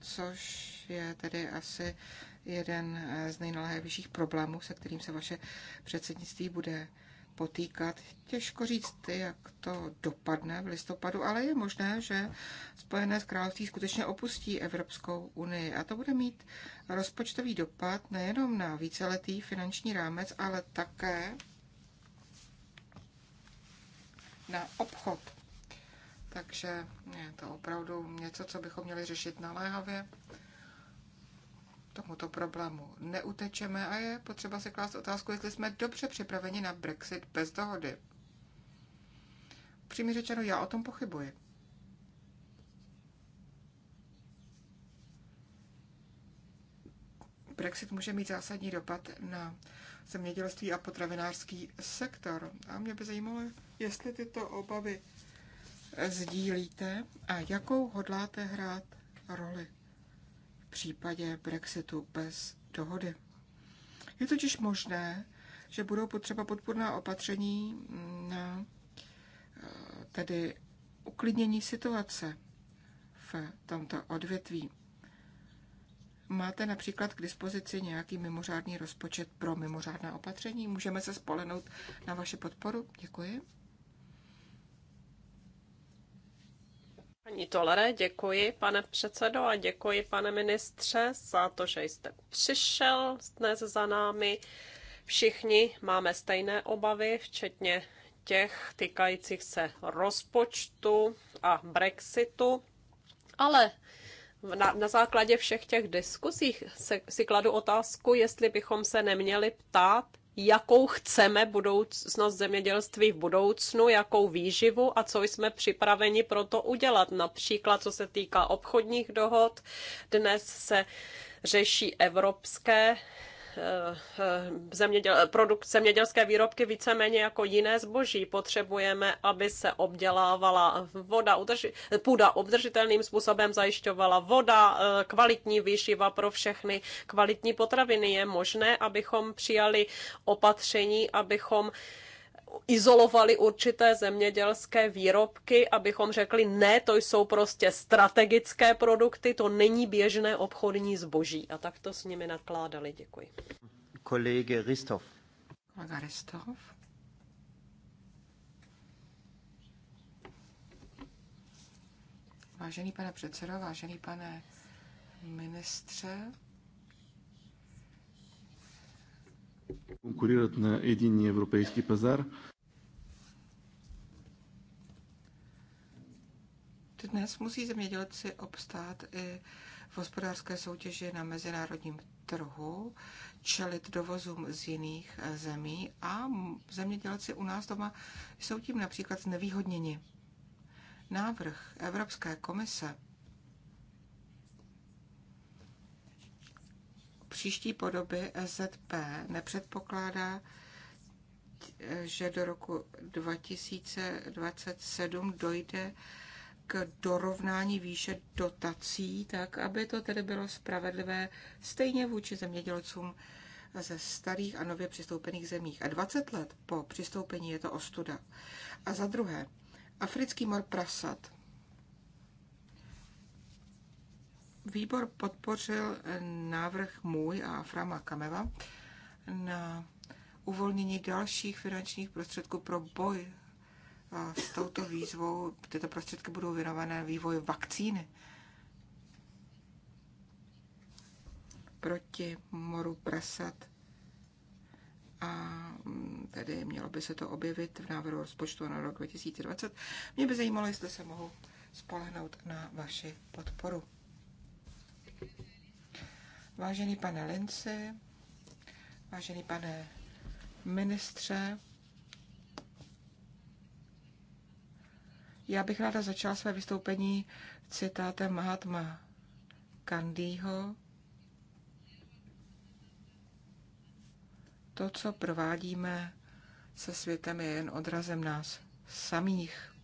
což je tedy asi jeden z nejnalhavějších problémů, se kterým se vaše předsednictví bude potýkat. Těžko říct, jak to dopadne v listopadu, ale je možné, že Spojené království skutečně opustí Evropskou unii a to bude mít rozpočtový dopad nejenom na víceletý finanční rámec, ale také na obchod. Takže je to opravdu něco, co bychom měli řešit naléhavě tomuto problému neutečeme a je potřeba se klást otázku, jestli jsme dobře připraveni na Brexit bez dohody. Přímě řečeno, já o tom pochybuji. Brexit může mít zásadní dopad na zemědělství a potravinářský sektor. A mě by zajímalo, jestli tyto obavy sdílíte a jakou hodláte hrát roli případě Brexitu bez dohody. Je totiž možné, že budou potřeba podpůrná opatření na eh, tedy uklidnění situace v tomto odvětví. Máte například k dispozici nějaký mimořádný rozpočet pro mimořádná opatření? Můžeme se spolehnout na vaši podporu? Děkuji. Paní Tolere, děkuji, pane předsedo, a děkuji, pane ministře, za to, že jste přišel dnes za námi. Všichni máme stejné obavy, včetně těch týkajících se rozpočtu a Brexitu, ale na, na základě všech těch diskuzích se, si kladu otázku, jestli bychom se neměli ptát, jakou chceme budoucnost zemědělství v budoucnu, jakou výživu a co jsme připraveni pro to udělat. Například co se týká obchodních dohod, dnes se řeší evropské Eh, zeměděl, produkt, zemědělské výrobky víceméně jako jiné zboží. Potřebujeme, aby se obdělávala voda, udrži, půda obdržitelným způsobem zajišťovala voda, eh, kvalitní výživa pro všechny, kvalitní potraviny. Je možné, abychom přijali opatření, abychom izolovali určité zemědělské výrobky, abychom řekli, ne, to jsou prostě strategické produkty, to není běžné obchodní zboží. A tak to s nimi nakládali. Děkuji. Kolege Ristov. Kolega Ristov. Vážený pane předsedo, vážený pane ministře, konkurovat na jediný evropský pazar. Dnes musí zemědělci obstát i v hospodářské soutěži na mezinárodním trhu, čelit dovozům z jiných eh, zemí a zemědělci u nás doma jsou tím například znevýhodněni. Návrh Evropské komise příští podoby SZP nepředpokládá, že do roku 2027 dojde k dorovnání výše dotací, tak aby to tedy bylo spravedlivé stejně vůči zemědělcům ze starých a nově přistoupených zemích. A 20 let po přistoupení je to ostuda. A za druhé, africký mor prasat Výbor podpořil eh, návrh můj a Frama Kameva na uvolnění dalších finančních prostředků pro boj eh, s touto výzvou. Tyto prostředky budou věnované vývoji vakcíny proti moru prasat. A mm, tedy mělo by se to objevit v návrhu rozpočtu na rok 2020. Mě by zajímalo, jestli se mohu spolehnout na vaši podporu. Vážený pane Linci, vážený pane ministře, já bych ráda začala své vystoupení citátem Mahatma Kandýho. To, co provádíme se světem, je jen odrazem nás samých.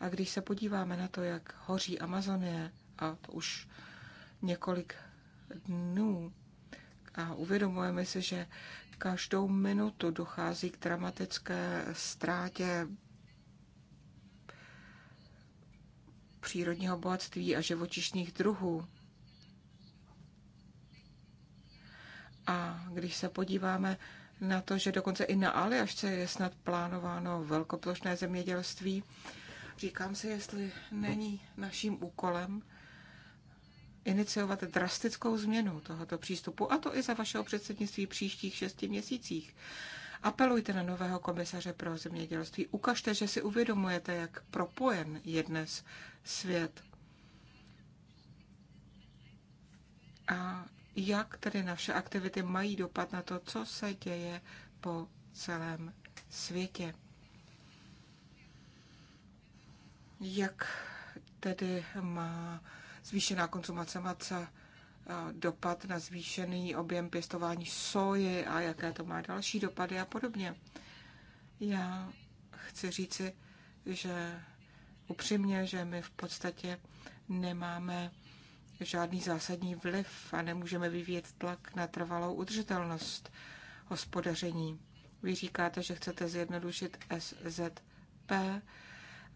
A když se podíváme na to, jak hoří Amazonie, a to už několik dnů a uvědomujeme si, že každou minutu dochází k dramatické ztrátě přírodního bohatství a živočišných druhů. A když se podíváme na to, že dokonce i na Aljašce je snad plánováno velkoplošné zemědělství, říkám si, jestli není naším úkolem iniciovat drastickou změnu tohoto přístupu, a to i za vašeho předsednictví příštích šesti měsících. Apelujte na nového komisaře pro zemědělství. Ukažte, že si uvědomujete, jak propojen je dnes svět. A jak tedy naše aktivity mají dopad na to, co se děje po celém světě. Jak tedy má zvýšená konzumace maca, eh, dopad na zvýšený objem pěstování soji a jaké to má další dopady a podobně. Já chci říci, že upřímně, že my v podstatě nemáme žádný zásadní vliv a nemůžeme vyvíjet tlak na trvalou udržitelnost hospodaření. Vy říkáte, že chcete zjednodušit SZP,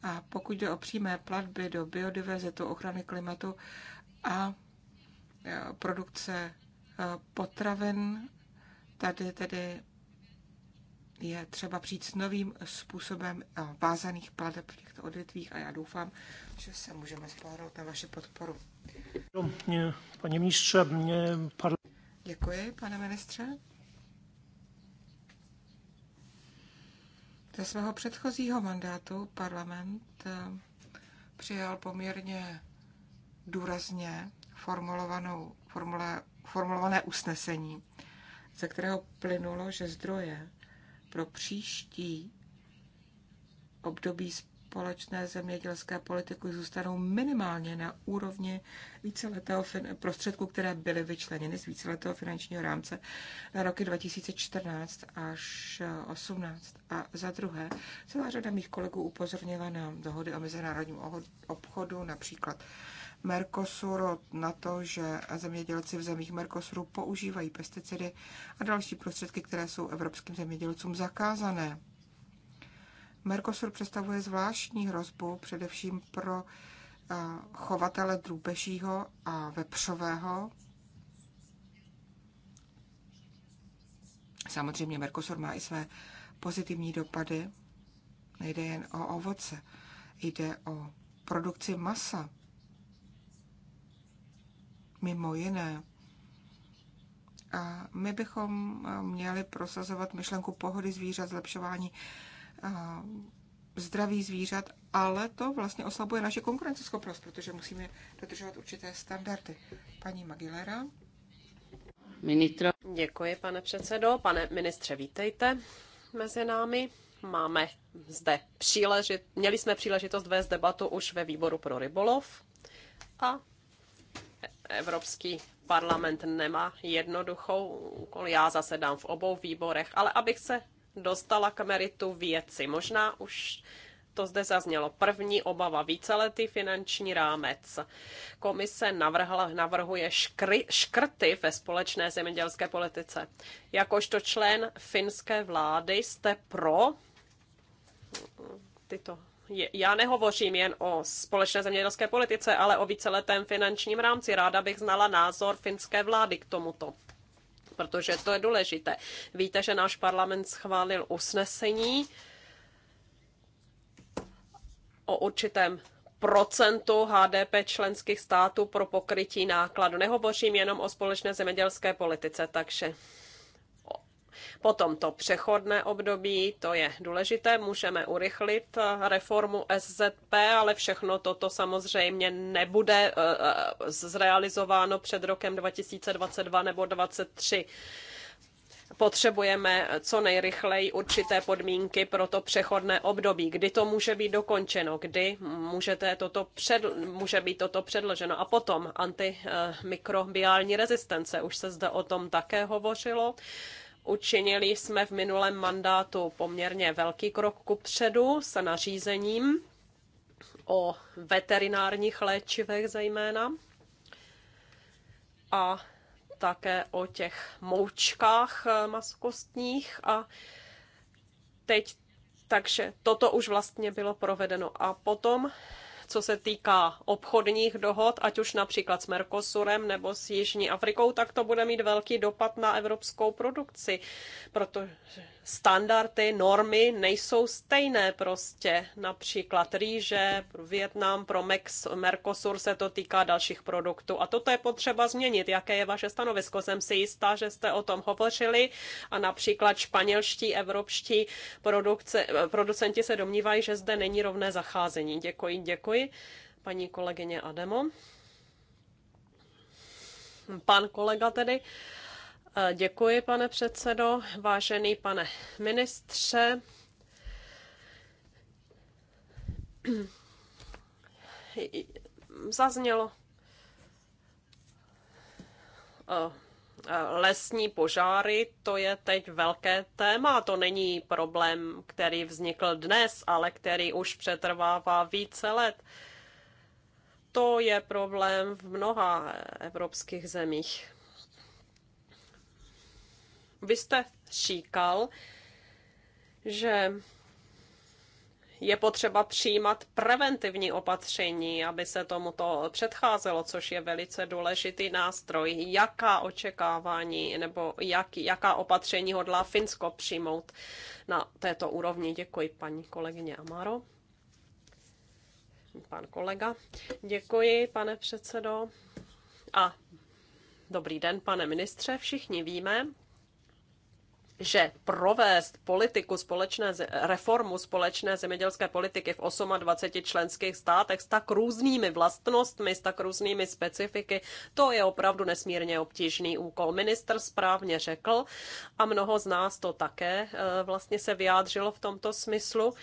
a pokud jde o přímé platby do biodiverzitu, ochrany klimatu a e, produkce e, potravin, tady tedy je třeba přijít s novým způsobem e, vázaných plateb v těchto odvětvích a já doufám, že se můžeme spolehnout na vaši podporu. Paní ministře, Děkuji, pane ministře. Za svého předchozího mandátu parlament eh, přijal poměrně důrazně formulovanou, formule, formulované usnesení, ze kterého plynulo, že zdroje pro příští období společné zemědělské politiky zůstanou minimálně na úrovni víceletého prostředku, které byly vyčleněny z víceletého finančního rámce na roky 2014 až 18. Eh, a za druhé, celá řada mých kolegů upozornila na dohody o mezinárodním obchodu, například Mercosur na to, že zemědělci v zemích Mercosuru používají pesticidy a další prostředky, které jsou evropským zemědělcům zakázané. Mercosur představuje zvláštní hrozbu především pro eh, chovatele drůbežího a vepřového. Samozřejmě Mercosur má i své pozitivní dopady. Nejde jen o ovoce, jde o produkci masa. Mimo jiné. A my bychom eh, měli prosazovat myšlenku pohody zvířat, zlepšování zdraví zvířat, ale to vlastně oslabuje naše konkurenceschopnost, protože musíme dodržovat určité standardy. Paní Magilera. Ministro. Děkuji, pane předsedo. Pane ministře, vítejte mezi námi. Máme zde příležit, měli jsme příležitost vést debatu už ve výboru pro rybolov a Evropský parlament nemá jednoduchou úkol. Já zasedám v obou výborech, ale abych se dostala k meritu věci. Možná už to zde zaznělo. První obava, víceletý finanční rámec. Komise navrhla, navrhuje škry, škrty ve společné zemědělské politice. Jakožto člen finské vlády jste pro tyto já nehovořím jen o společné zemědělské politice, ale o víceletém finančním rámci. Ráda bych znala názor finské vlády k tomuto protože to je důležité. Víte, že náš parlament schválil usnesení o určitém procentu HDP členských států pro pokrytí nákladu. Nehovořím jenom o společné zemědělské politice, takže Potom to přechodné období, to je důležité, můžeme urychlit eh, reformu SZP, ale všechno toto samozřejmě nebude eh, eh, zrealizováno před rokem 2022 nebo 2023 potřebujeme co nejrychleji určité podmínky pro to přechodné období, kdy to může být dokončeno, kdy můžete toto před, může být toto předloženo. A potom antimikrobiální rezistence, už se zde o tom také hovořilo. Učinili jsme v minulém mandátu poměrně velký krok kupředu s nařízením o veterinárních léčivech zejména a také o těch moučkách eh, maskostních a teď takže toto už vlastně bylo provedeno. A potom co se týká obchodních dohod, ať už například s Mercosurem nebo s Jižní Afrikou, tak to bude mít velký dopad na evropskou produkci, protože standardy, normy nejsou stejné prostě. Například rýže, Vietnam, pro Mex, Mercosur se to týká dalších produktů. A toto je potřeba změnit. Jaké je vaše stanovisko? Jsem si jistá, že jste o tom hovořili a například španělští, evropští produkce, producenti se domnívají, že zde není rovné zacházení. Děkuji, děkuji. Paní kolegyně Ademo. Pan kolega tedy. Děkuji, pane předsedo. Vážený pane ministře, zaznělo eh, eh, lesní požáry, to je teď velké téma. To není problém, který vznikl dnes, ale který už přetrvává více let. To je problém v mnoha evropských zemích. Vy jste říkal, že je potřeba přijímat preventivní opatření, aby se tomuto předcházelo, což je velice důležitý nástroj. Jaká očekávání nebo jak, jaká opatření hodlá Finsko přijmout na této úrovni? Děkuji, paní kolegyně Amaro. Pan kolega. Děkuji, pane předsedo. A dobrý den, pane ministře. Všichni víme, že provést politiku společné, reformu společné zemědělské politiky v 28 členských státech s tak různými vlastnostmi, s tak různými specifiky, to je opravdu nesmírně obtížný úkol. Minister správně řekl a mnoho z nás to také eh, vlastně se vyjádřilo v tomto smyslu,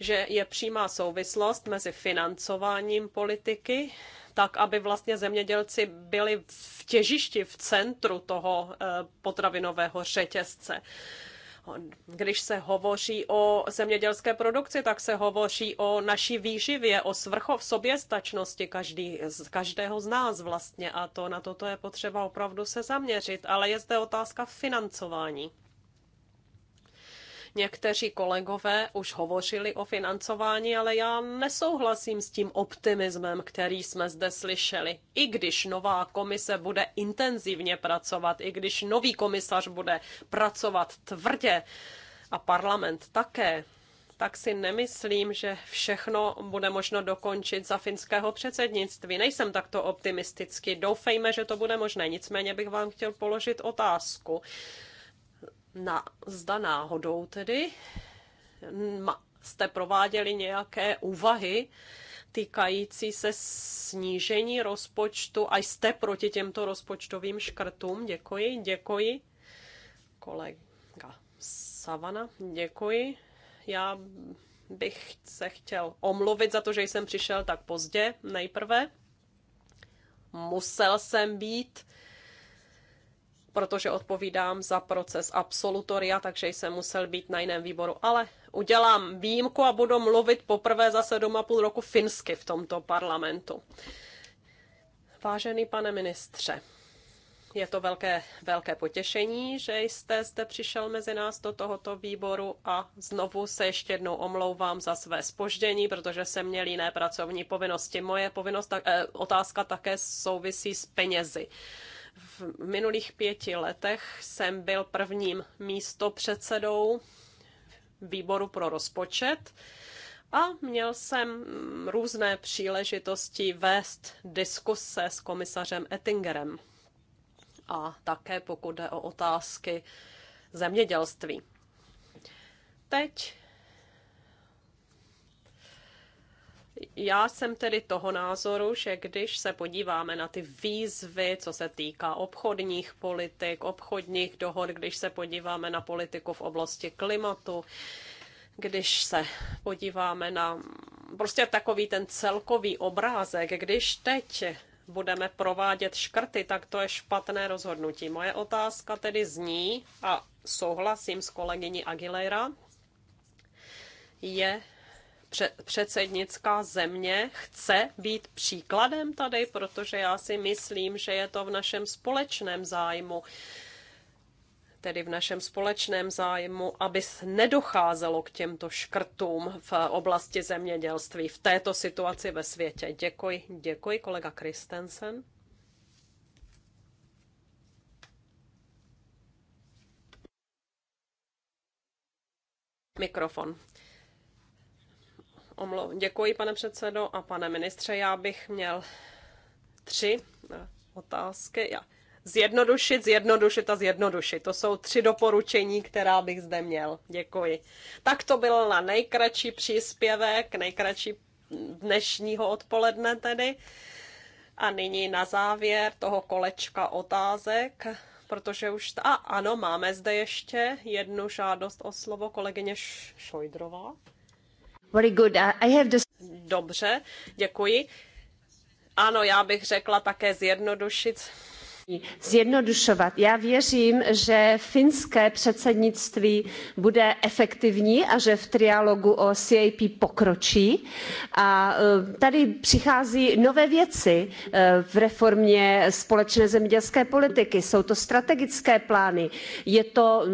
že je přímá souvislost mezi financováním politiky, tak aby vlastně zemědělci byli v těžišti, v centru toho eh, potravinového řetězce když se hovoří o zemědělské produkci, tak se hovoří o naší výživě, o svrchov soběstačnosti každý, každého z nás vlastně a to na toto je potřeba opravdu se zaměřit, ale je zde otázka financování. Někteří kolegové už hovořili o financování, ale já nesouhlasím s tím optimismem, který jsme zde slyšeli. I když nová komise bude intenzivně pracovat, i když nový komisař bude pracovat tvrdě a parlament také, tak si nemyslím, že všechno bude možno dokončit za finského předsednictví. Nejsem takto optimisticky. Doufejme, že to bude možné. Nicméně bych vám chtěl položit otázku na, zda náhodou tedy jste prováděli nějaké úvahy týkající se snížení rozpočtu a jste proti těmto rozpočtovým škrtům. Děkuji, děkuji. Kolega Savana, děkuji. Já bych se chtěl omluvit za to, že jsem přišel tak pozdě nejprve. Musel jsem být protože odpovídám za proces absolutoria, takže jsem musel být na jiném výboru. Ale udělám výjimku a budu mluvit poprvé za 7,5 roku finsky v tomto parlamentu. Vážený pane ministře, je to velké, velké potěšení, že jste zde přišel mezi nás do tohoto výboru a znovu se ještě jednou omlouvám za své spoždění, protože jsem měl jiné pracovní povinnosti. Moje povinnost, eh, otázka také souvisí s penězi. Eh, v minulých pěti letech jsem byl prvním místopředsedou výboru pro rozpočet a měl jsem různé příležitosti vést diskuse s komisařem Ettingerem a také pokud jde o otázky zemědělství. Teď Já jsem tedy toho názoru, že když se podíváme na ty výzvy, co se týká obchodních politik, obchodních dohod, když se podíváme na politiku v oblasti klimatu, když se podíváme na prostě takový ten celkový obrázek, když teď budeme provádět škrty, tak to je špatné rozhodnutí. Moje otázka tedy zní, a souhlasím s kolegyní Aguilera, je, předsednická země chce být příkladem tady, protože já si myslím, že je to v našem společném zájmu tedy v našem společném zájmu, aby nedocházelo k těmto škrtům v oblasti zemědělství v této situaci ve světě. Děkuji, děkuji kolega Kristensen. Mikrofon děkuji, pane předsedo a pane ministře. Já bych měl tři eh, otázky. Já. Zjednodušit, zjednodušit a zjednodušit. To jsou tři doporučení, která bych zde měl. Děkuji. Tak to byl na nejkratší příspěvek, nejkratší dnešního odpoledne tedy. A nyní na závěr toho kolečka otázek, protože už... A ano, máme zde ještě jednu žádost o slovo kolegyně Šojdrová. Dobře, děkuji. Ano, já bych řekla také zjednodušit zjednodušovat. Já věřím, že finské předsednictví bude efektivní a že v trialogu o CAP pokročí. A e, tady přichází nové věci e, v reformě společné zemědělské politiky. Jsou to strategické plány, je to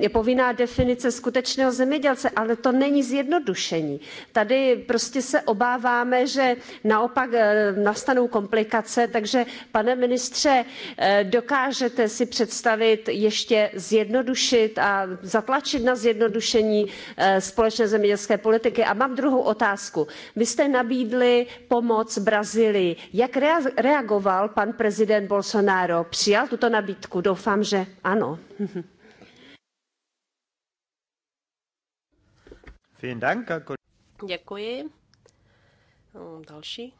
je povinná definice skutečného zemědělce, ale to není zjednodušení. Tady prostě se obáváme, že naopak e, nastanou komplikace, takže pane ministře, ministře eh, dokážete si představit ještě zjednodušit a zatlačit na zjednodušení eh, společné zemědělské politiky? a mám druhou otázku vy jste nabídli pomoc brazílii jak reagoval pan prezident bolsonaro přijal tuto nabídku? doufám že ano. Děkuji. Další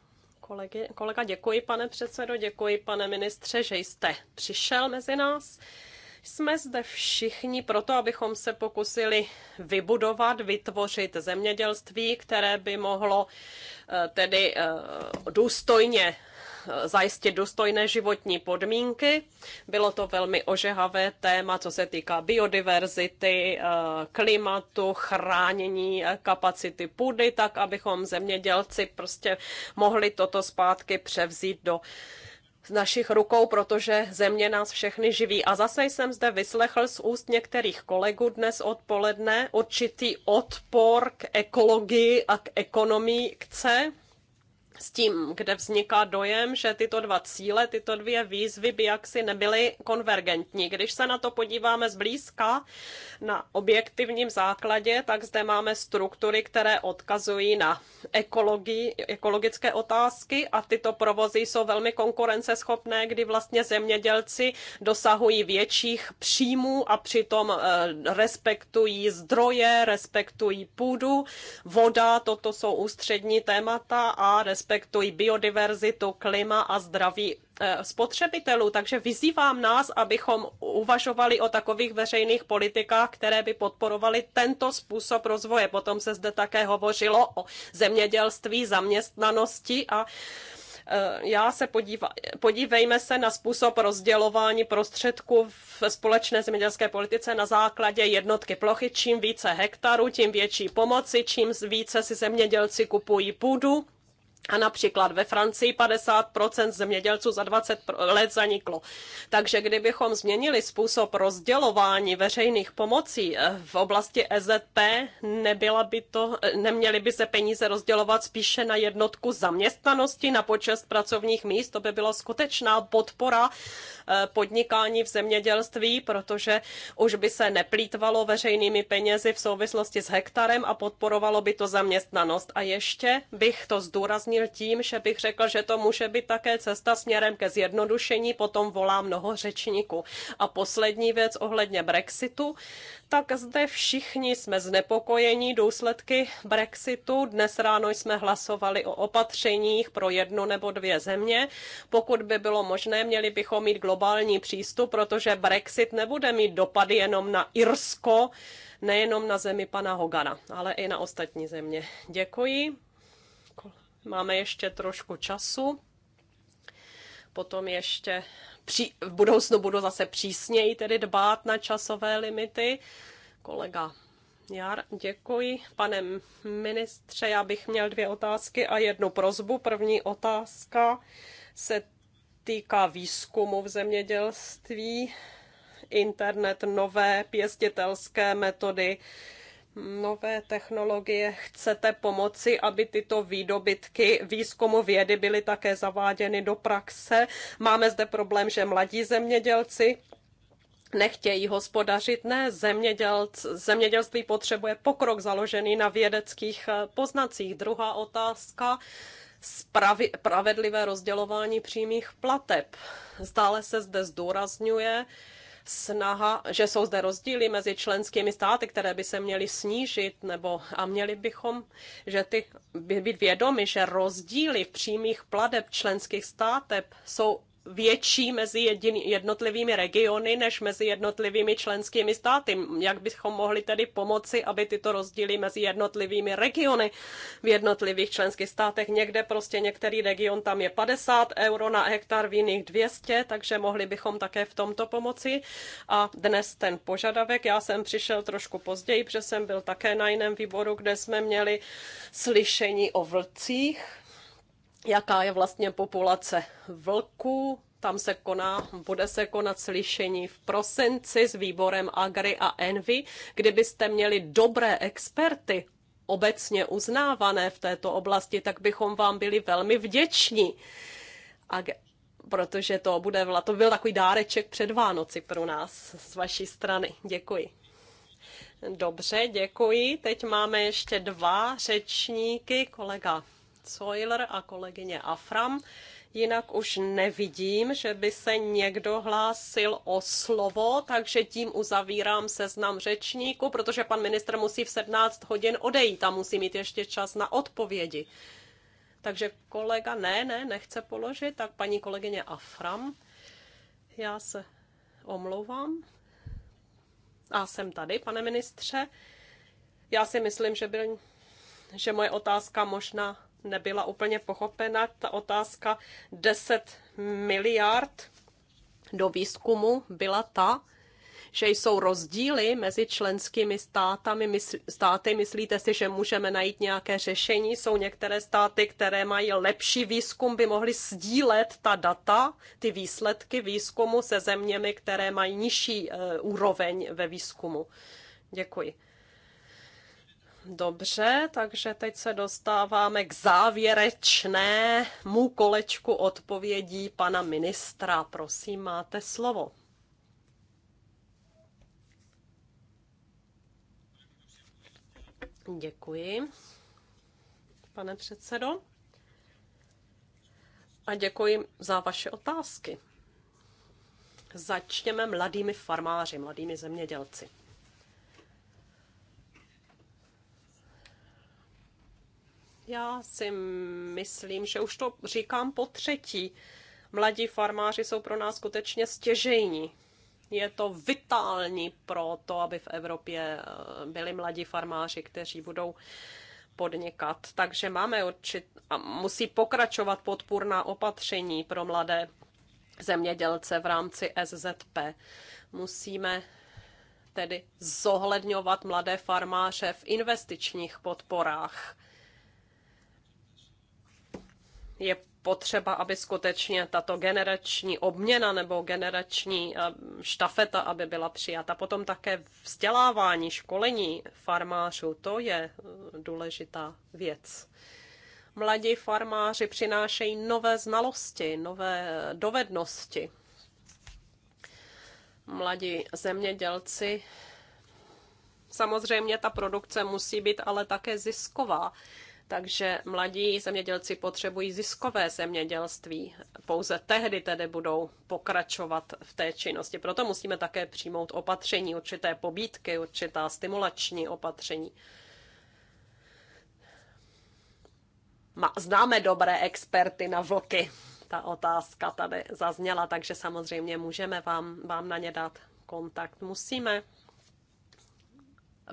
kolegy, kolega. Děkuji, pane předsedo, děkuji, pane ministře, že jste přišel mezi nás. Jsme zde všichni proto, abychom se pokusili vybudovat, vytvořit zemědělství, které by mohlo eh, tedy eh, důstojně zajistit důstojné životní podmínky. Bylo to velmi ožehavé téma, co se týká biodiverzity, eh, klimatu, chránění kapacity půdy, tak abychom zemědělci prostě mohli toto zpátky převzít do z našich rukou, protože země nás všechny živí. A zase jsem zde vyslechl z úst některých kolegů dnes odpoledne určitý odpor k ekologii a k ekonomice, s tím, kde vzniká dojem, že tyto dva cíle, tyto dvě výzvy by jaksi nebyly konvergentní. Když se na to podíváme zblízka na objektivním základě, tak zde máme struktury, které odkazují na ekologii, ekologické otázky a tyto provozy jsou velmi konkurenceschopné, kdy vlastně zemědělci dosahují větších příjmů a přitom eh, respektují zdroje, respektují půdu, voda, toto jsou ústřední témata a respektují respektují biodiverzitu, klima a zdraví eh, spotřebitelů. Takže vyzývám nás, abychom uvažovali o takových veřejných politikách, které by podporovaly tento způsob rozvoje. Potom se zde také hovořilo o zemědělství, zaměstnanosti a eh, já se podíva, podívejme se na způsob rozdělování prostředků v společné zemědělské politice na základě jednotky plochy. Čím více hektarů, tím větší pomoci, čím více si zemědělci kupují půdu, a například ve Francii 50% zemědělců za 20 let zaniklo. Takže kdybychom změnili způsob rozdělování veřejných pomocí eh, v oblasti EZP, nebyla by to, eh, neměly by se peníze rozdělovat spíše na jednotku zaměstnanosti, na počest pracovních míst, to by byla skutečná podpora Eh, podnikání v zemědělství, protože už by se neplýtvalo veřejnými penězi v souvislosti s hektarem a podporovalo by to zaměstnanost. A ještě bych to zdůraznil tím, že bych řekl, že to může být také cesta směrem ke zjednodušení, potom volá mnoho řečníků. A poslední věc ohledně Brexitu tak zde všichni jsme znepokojeni důsledky Brexitu. Dnes ráno jsme hlasovali o opatřeních pro jednu nebo dvě země. Pokud by bylo možné, měli bychom mít globální přístup, protože Brexit nebude mít dopady jenom na Irsko, nejenom na zemi pana Hogana, ale i na ostatní země. Děkuji. Máme ještě trošku času. Potom ještě pří, v budoucnu budu zase přísněji tedy dbát na časové limity. Kolega Jar, děkuji. Pane ministře, já bych měl dvě otázky a jednu prozbu. První otázka se týká výzkumu v zemědělství, internet, nové pěstitelské metody, nové technologie chcete pomoci, aby tyto výdobytky výzkumu vědy byly také zaváděny do praxe. Máme zde problém, že mladí zemědělci nechtějí hospodařit, ne, zemědělc, zemědělství potřebuje pokrok založený na vědeckých eh, poznacích. Druhá otázka, spravi, pravedlivé rozdělování přímých plateb. Stále se zde zdůrazňuje, snaha, že jsou zde rozdíly mezi členskými státy, které by se měly snížit, nebo a měli bychom že ty, být vědomi, že rozdíly v přímých pladeb členských států jsou větší mezi jednotlivými regiony než mezi jednotlivými členskými státy. Jak bychom mohli tedy pomoci, aby tyto rozdíly mezi jednotlivými regiony v jednotlivých členských státech někde prostě některý region tam je 50 euro na hektar, v jiných 200, takže mohli bychom také v tomto pomoci. A dnes ten požadavek, já jsem přišel trošku později, protože jsem byl také na jiném výboru, kde jsme měli slyšení o vlcích, jaká je vlastně populace vlků. Tam se koná, bude se konat slyšení v prosinci s výborem Agri a Envy. Kdybyste měli dobré experty obecně uznávané v této oblasti, tak bychom vám byli velmi vděční. A protože to bude, to byl takový dáreček před Vánoci pro nás z vaší strany. Děkuji. Dobře, děkuji. Teď máme ještě dva řečníky, kolega Zoiler a kolegyně Afram. Jinak už nevidím, že by se někdo hlásil o slovo, takže tím uzavírám seznam řečníku, protože pan ministr musí v 17 hodin odejít a musí mít ještě čas na odpovědi. Takže kolega ne, ne, nechce položit, tak paní kolegyně Afram, já se omlouvám. A jsem tady, pane ministře. Já si myslím, že, byl, že moje otázka možná nebyla úplně pochopena ta otázka 10 miliard do výzkumu byla ta, že jsou rozdíly mezi členskými státami, mysl, státy. Myslíte si, že můžeme najít nějaké řešení? Jsou některé státy, které mají lepší výzkum, by mohly sdílet ta data, ty výsledky výzkumu se zeměmi, které mají nižší uh, úroveň ve výzkumu. Děkuji. Dobře, takže teď se dostáváme k závěrečnému kolečku odpovědí pana ministra. Prosím, máte slovo. Děkuji, pane předsedo. A děkuji za vaše otázky. Začněme mladými farmáři, mladými zemědělci. Já si myslím, že už to říkám po třetí. Mladí farmáři jsou pro nás skutečně stěžejní. Je to vitální pro to, aby v Evropě eh, byli mladí farmáři, kteří budou podnikat. Takže máme určit, a musí pokračovat podpůrná opatření pro mladé zemědělce v rámci SZP. Musíme tedy zohledňovat mladé farmáře v investičních podporách je potřeba, aby skutečně tato generační obměna nebo generační eh, štafeta, aby byla přijata. Potom také vzdělávání, školení farmářů, to je eh, důležitá věc. Mladí farmáři přinášejí nové znalosti, nové eh, dovednosti. Mladí zemědělci. Samozřejmě ta produkce musí být ale také zisková takže mladí zemědělci potřebují ziskové zemědělství. Pouze tehdy tedy budou pokračovat v té činnosti. Proto musíme také přijmout opatření, určité pobídky, určitá stimulační opatření. Známe dobré experty na vlky. Ta otázka tady zazněla, takže samozřejmě můžeme vám, vám na ně dát kontakt. Musíme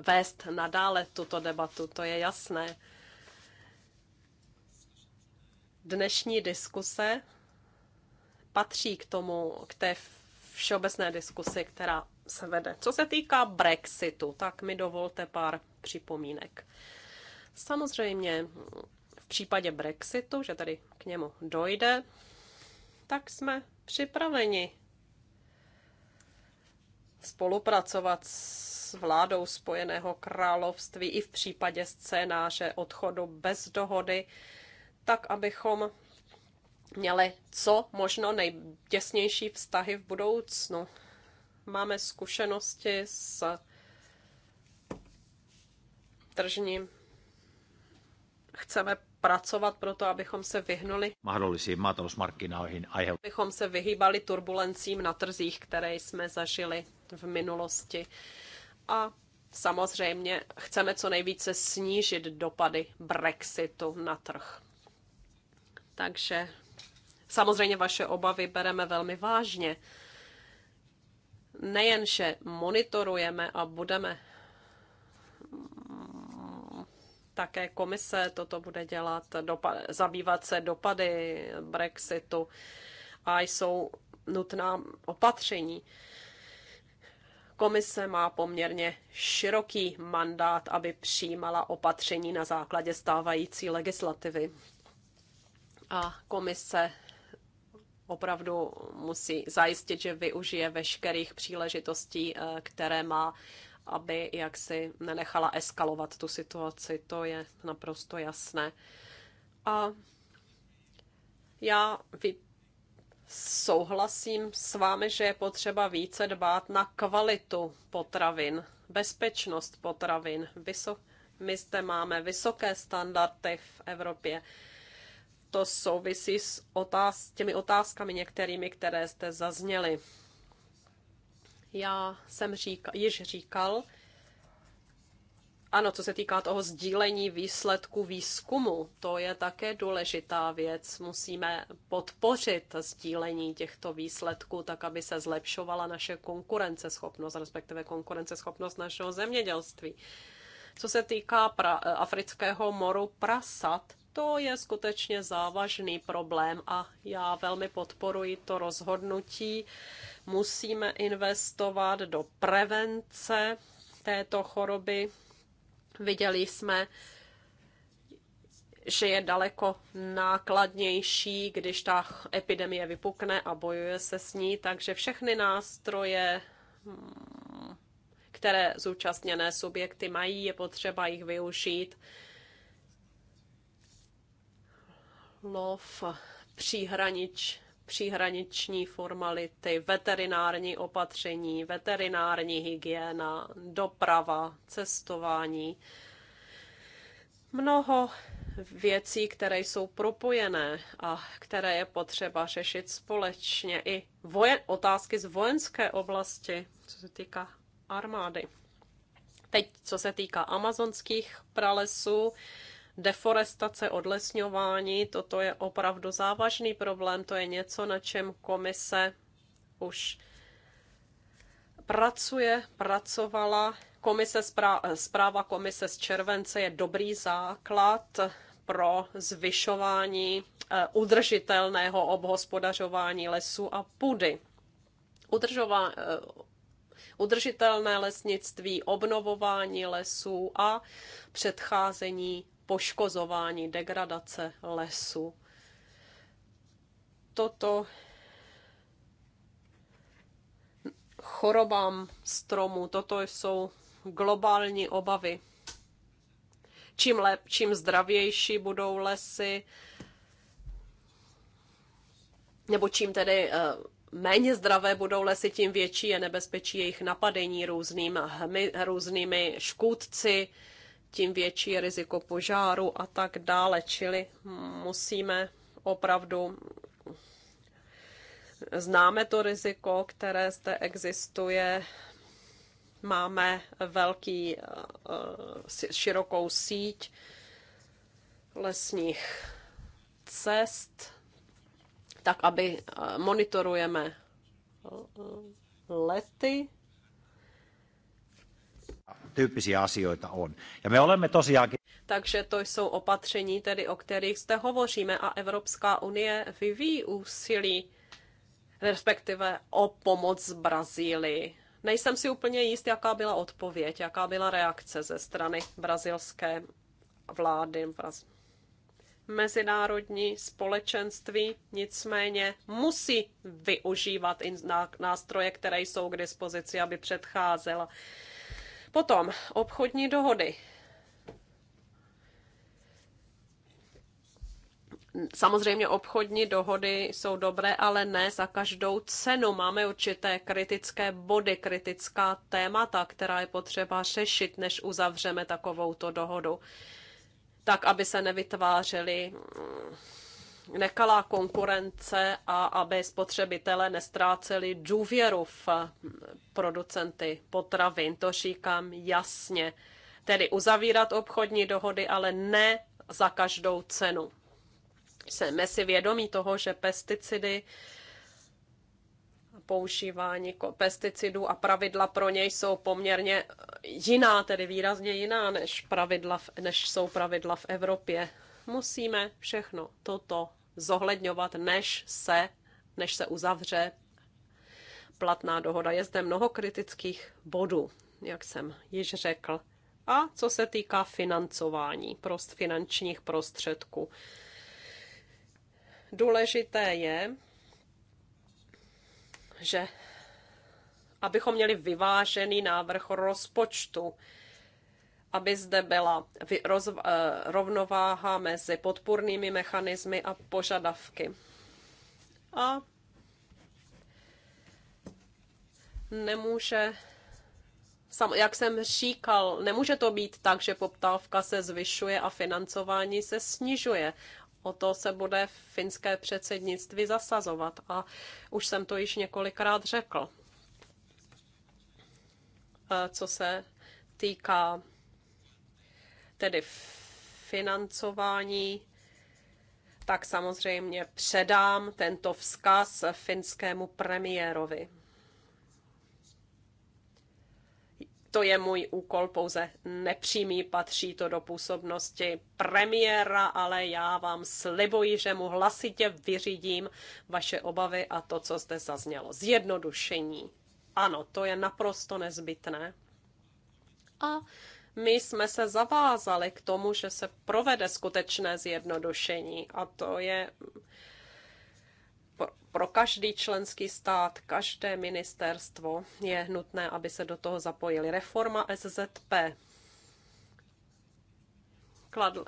vést nadále tuto debatu, to je jasné dnešní diskuse patří k tomu, k té všeobecné diskusi, která se vede. Co se týká Brexitu, tak mi dovolte pár připomínek. Samozřejmě v případě Brexitu, že tady k němu dojde, tak jsme připraveni spolupracovat s vládou Spojeného království i v případě scénáře odchodu bez dohody tak abychom měli co možno nejtěsnější vztahy v budoucnu. Máme zkušenosti s tržním. Chceme pracovat pro to, abychom se vyhnuli mahdollisiin maatalousmarkkinoihin aihe. Abychom se vyhýbali turbulencím na trzích, které jsme zažili v minulosti. A samozřejmě chceme co nejvíce snížit dopady Brexitu na trh. Takže samozřejmě vaše obavy bereme velmi vážně. Nejenže monitorujeme a budeme mm, také komise toto bude dělat, dopad, zabývat se dopady Brexitu a jsou nutná opatření. Komise má poměrně široký mandát, aby přijímala opatření na základě stávající legislativy. A komise opravdu musí zajistit, že využije veškerých příležitostí, eh, které má, aby jaksi nenechala eskalovat tu situaci. To je naprosto jasné. A já souhlasím s vámi, že je potřeba více dbát na kvalitu potravin, bezpečnost potravin. my zde máme vysoké standardy v Evropě to souvisí s otáz- těmi otázkami některými, které jste zazněli. Já jsem říkal, již říkal, ano, co se týká toho sdílení výsledku výzkumu, to je také důležitá věc. Musíme podpořit sdílení těchto výsledků, tak aby se zlepšovala naše konkurenceschopnost, respektive konkurenceschopnost našeho zemědělství. Co se týká pra- afrického moru prasat, to je skutečně závažný problém a já velmi podporuji to rozhodnutí. Musíme investovat do prevence této choroby. Viděli jsme, že je daleko nákladnější, když ta epidemie vypukne a bojuje se s ní, takže všechny nástroje, které zúčastněné subjekty mají, je potřeba jich využít lov, příhranič, příhraniční formality, veterinární opatření, veterinární hygiena, doprava, cestování. Mnoho věcí, které jsou propojené a které je potřeba řešit společně. I vojen, otázky z vojenské oblasti, co se týká armády. Teď, co se týká amazonských pralesů, deforestace, odlesňování, toto je opravdu závažný problém, to je něco, na čem komise už pracuje, pracovala. Komise zpráva komise z července je dobrý základ pro zvyšování eh, udržitelného obhospodařování lesů a půdy. Udržová, eh, udržitelné lesnictví, obnovování lesů a předcházení poškozování, degradace lesu. Toto chorobám stromů, toto jsou globální obavy. Čím, lep, čím zdravější budou lesy, nebo čím tedy eh, méně zdravé budou lesy, tím větší je nebezpečí jejich napadení různým hmy, různými škůdci, tím větší je riziko požáru a tak dále. Čili musíme opravdu známe to riziko, které zde existuje, máme velký, eh, eh, širokou síť lesních cest, tak aby eh, monitorujeme lety tyyppisiä asioita on. Ja me olemme tosiaankin... Takže to jsou opatření, tedy o kterých zde hovoříme a Evropská unie vyvíjí úsilí, respektive o pomoc Brazílii. Nejsem si úplně jist, jaká byla odpověď, jaká byla reakce ze strany brazilské vlády. Mezinárodní společenství nicméně musí využívat nástroje, které jsou k dispozici, aby předcházela Potom obchodní dohody. Samozřejmě obchodní dohody jsou dobré, ale ne za každou cenu. Máme určité kritické body, kritická témata, která je potřeba řešit, než uzavřeme takovouto dohodu. Tak, aby se nevytvářely mm, nekalá konkurence a aby spotřebitele nestráceli důvěru v producenty potravin. To říkám jasně. Tedy uzavírat obchodní dohody, ale ne za každou cenu. Jsme si vědomí toho, že pesticidy používání pesticidů a pravidla pro něj jsou poměrně jiná, tedy výrazně jiná, než, pravidla v, než jsou pravidla v Evropě. Musíme všechno toto zohledňovat, než se, než se uzavře platná dohoda. Je zde mnoho kritických bodů, jak jsem již řekl. A co se týká financování, prost finančních prostředků. Důležité je, že abychom měli vyvážený návrh rozpočtu, aby zde byla eh, rovnováha mezi podpůrnými mechanismy a požadavky. A nemůže sam, jak jsem říkal, nemůže to být tak, že poptávka se zvyšuje a financování se snižuje. O to se bude finské předsednictví zasazovat a už jsem to již několikrát řekl. Eh, co se týká tedy financování, tak samozřejmě předám tento vzkaz finskému premiérovi. To je můj úkol pouze nepřímý, patří to do působnosti premiéra, ale já vám slibuji, že mu hlasitě vyřídím vaše obavy a to, co zde zaznělo. Zjednodušení. Ano, to je naprosto nezbytné. A my jsme se zavázali k tomu, že se provede skutečné zjednodušení a to je pro každý členský stát, každé ministerstvo je nutné, aby se do toho zapojili. Reforma SZP kladl,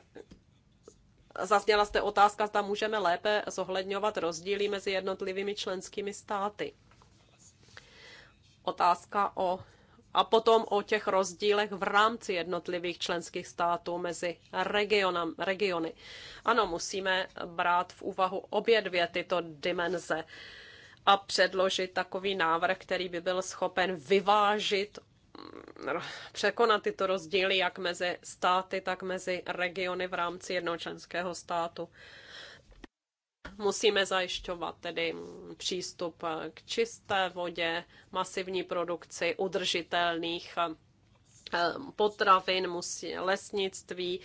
Zazněla jste otázka, zda můžeme lépe zohledňovat rozdíly mezi jednotlivými členskými státy. Otázka o a potom o těch rozdílech v rámci jednotlivých členských států mezi regionem, regiony. Ano, musíme brát v úvahu obě dvě tyto dimenze a předložit takový návrh, který by byl schopen vyvážit mm, překonat tyto rozdíly jak mezi státy, tak mezi regiony v rámci jednoho členského státu musíme zajišťovat tedy přístup k čisté vodě, masivní produkci udržitelných eh, potravin, musí, lesnictví,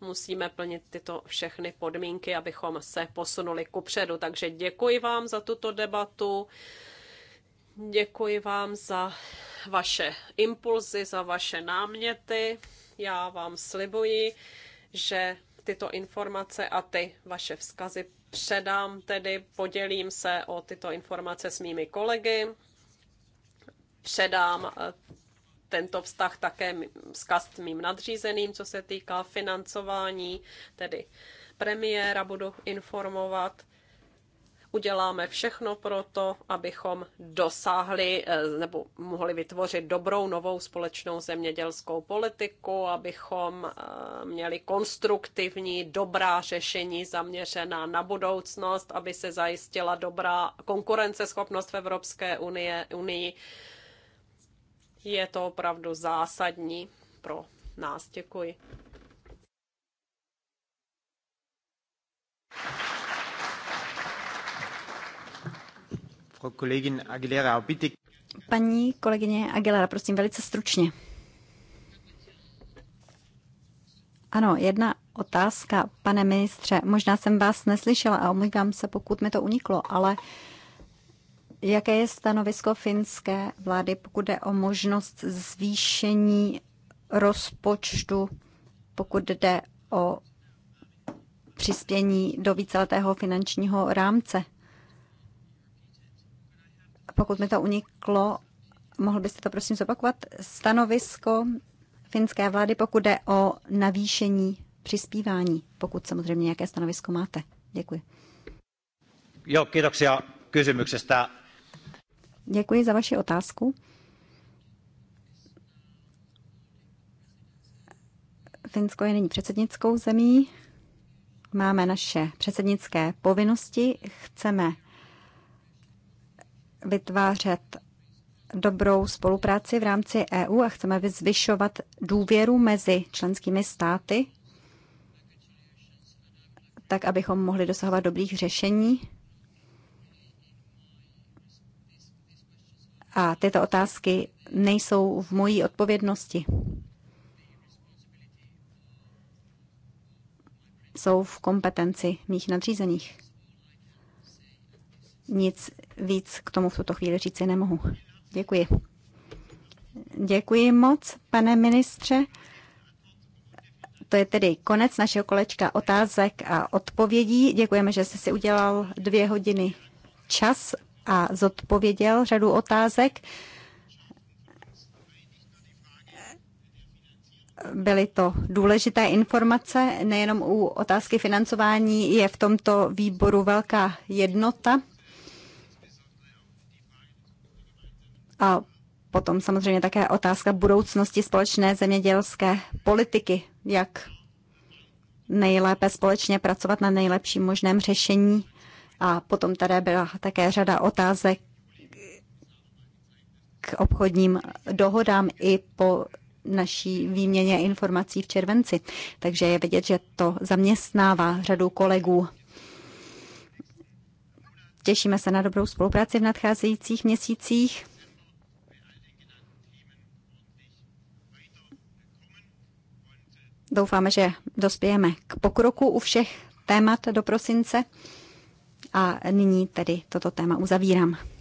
musíme plnit tyto všechny podmínky, abychom se posunuli kupředu. Takže děkuji vám za tuto debatu. Děkuji vám za vaše impulzy, za vaše náměty. Já vám slibuji, že tyto informace a ty vaše vzkazy Předám tedy, podělím se o tyto informace s mými kolegy. Předám eh, tento vztah také vzkaz mým nadřízeným, co se týká financování, tedy premiéra budu informovat uděláme všechno pro to, abychom dosáhli eh, nebo mohli vytvořit dobrou novou společnou zemědělskou politiku, abychom eh, měli konstruktivní, dobrá řešení zaměřená na budoucnost, aby se zajistila dobrá konkurenceschopnost v Evropské unie, unii. Je to opravdu zásadní pro nás. Děkuji. Paní kolegyně Aguilera, prosím, velice stručně. Ano, jedna otázka, pane ministře. Možná jsem vás neslyšela a omlouvám se, pokud mi to uniklo, ale jaké je stanovisko finské vlády, pokud jde o možnost zvýšení rozpočtu, pokud jde o přispění do víceletého finančního rámce? pokud mi to uniklo, mohl byste to prosím zopakovat, stanovisko finské vlády, pokud jde o navýšení přispívání, pokud samozřejmě nějaké stanovisko máte. Děkuji. Jo, kiitoksia kysymyksestä. Děkuji za vaši otázku. Finsko je nyní předsednickou zemí. Máme naše předsednické povinnosti. Chceme vytvářet dobrou spolupráci v rámci EU a chceme zvyšovat důvěru mezi členskými státy, tak abychom mohli dosahovat dobrých řešení. A tyto otázky nejsou v mojí odpovědnosti. Jsou v kompetenci mých nadřízených. Nic víc k tomu v tuto chvíli říci nemohu. Děkuji. Děkuji moc, pane ministře. To je tedy konec našeho kolečka otázek a odpovědí. Děkujeme, že jste si udělal dvě hodiny čas a zodpověděl řadu otázek. Byly to důležité informace, nejenom u otázky financování je v tomto výboru velká jednota. A potom samozřejmě také otázka budoucnosti společné zemědělské politiky, jak nejlépe společně pracovat na nejlepším možném řešení. A potom tady byla také řada otázek k obchodním dohodám i po naší výměně informací v červenci. Takže je vidět, že to zaměstnává řadu kolegů. Těšíme se na dobrou spolupráci v nadcházejících měsících. Doufáme, že dospějeme k pokroku u všech témat do prosince. A nyní tedy toto téma uzavírám.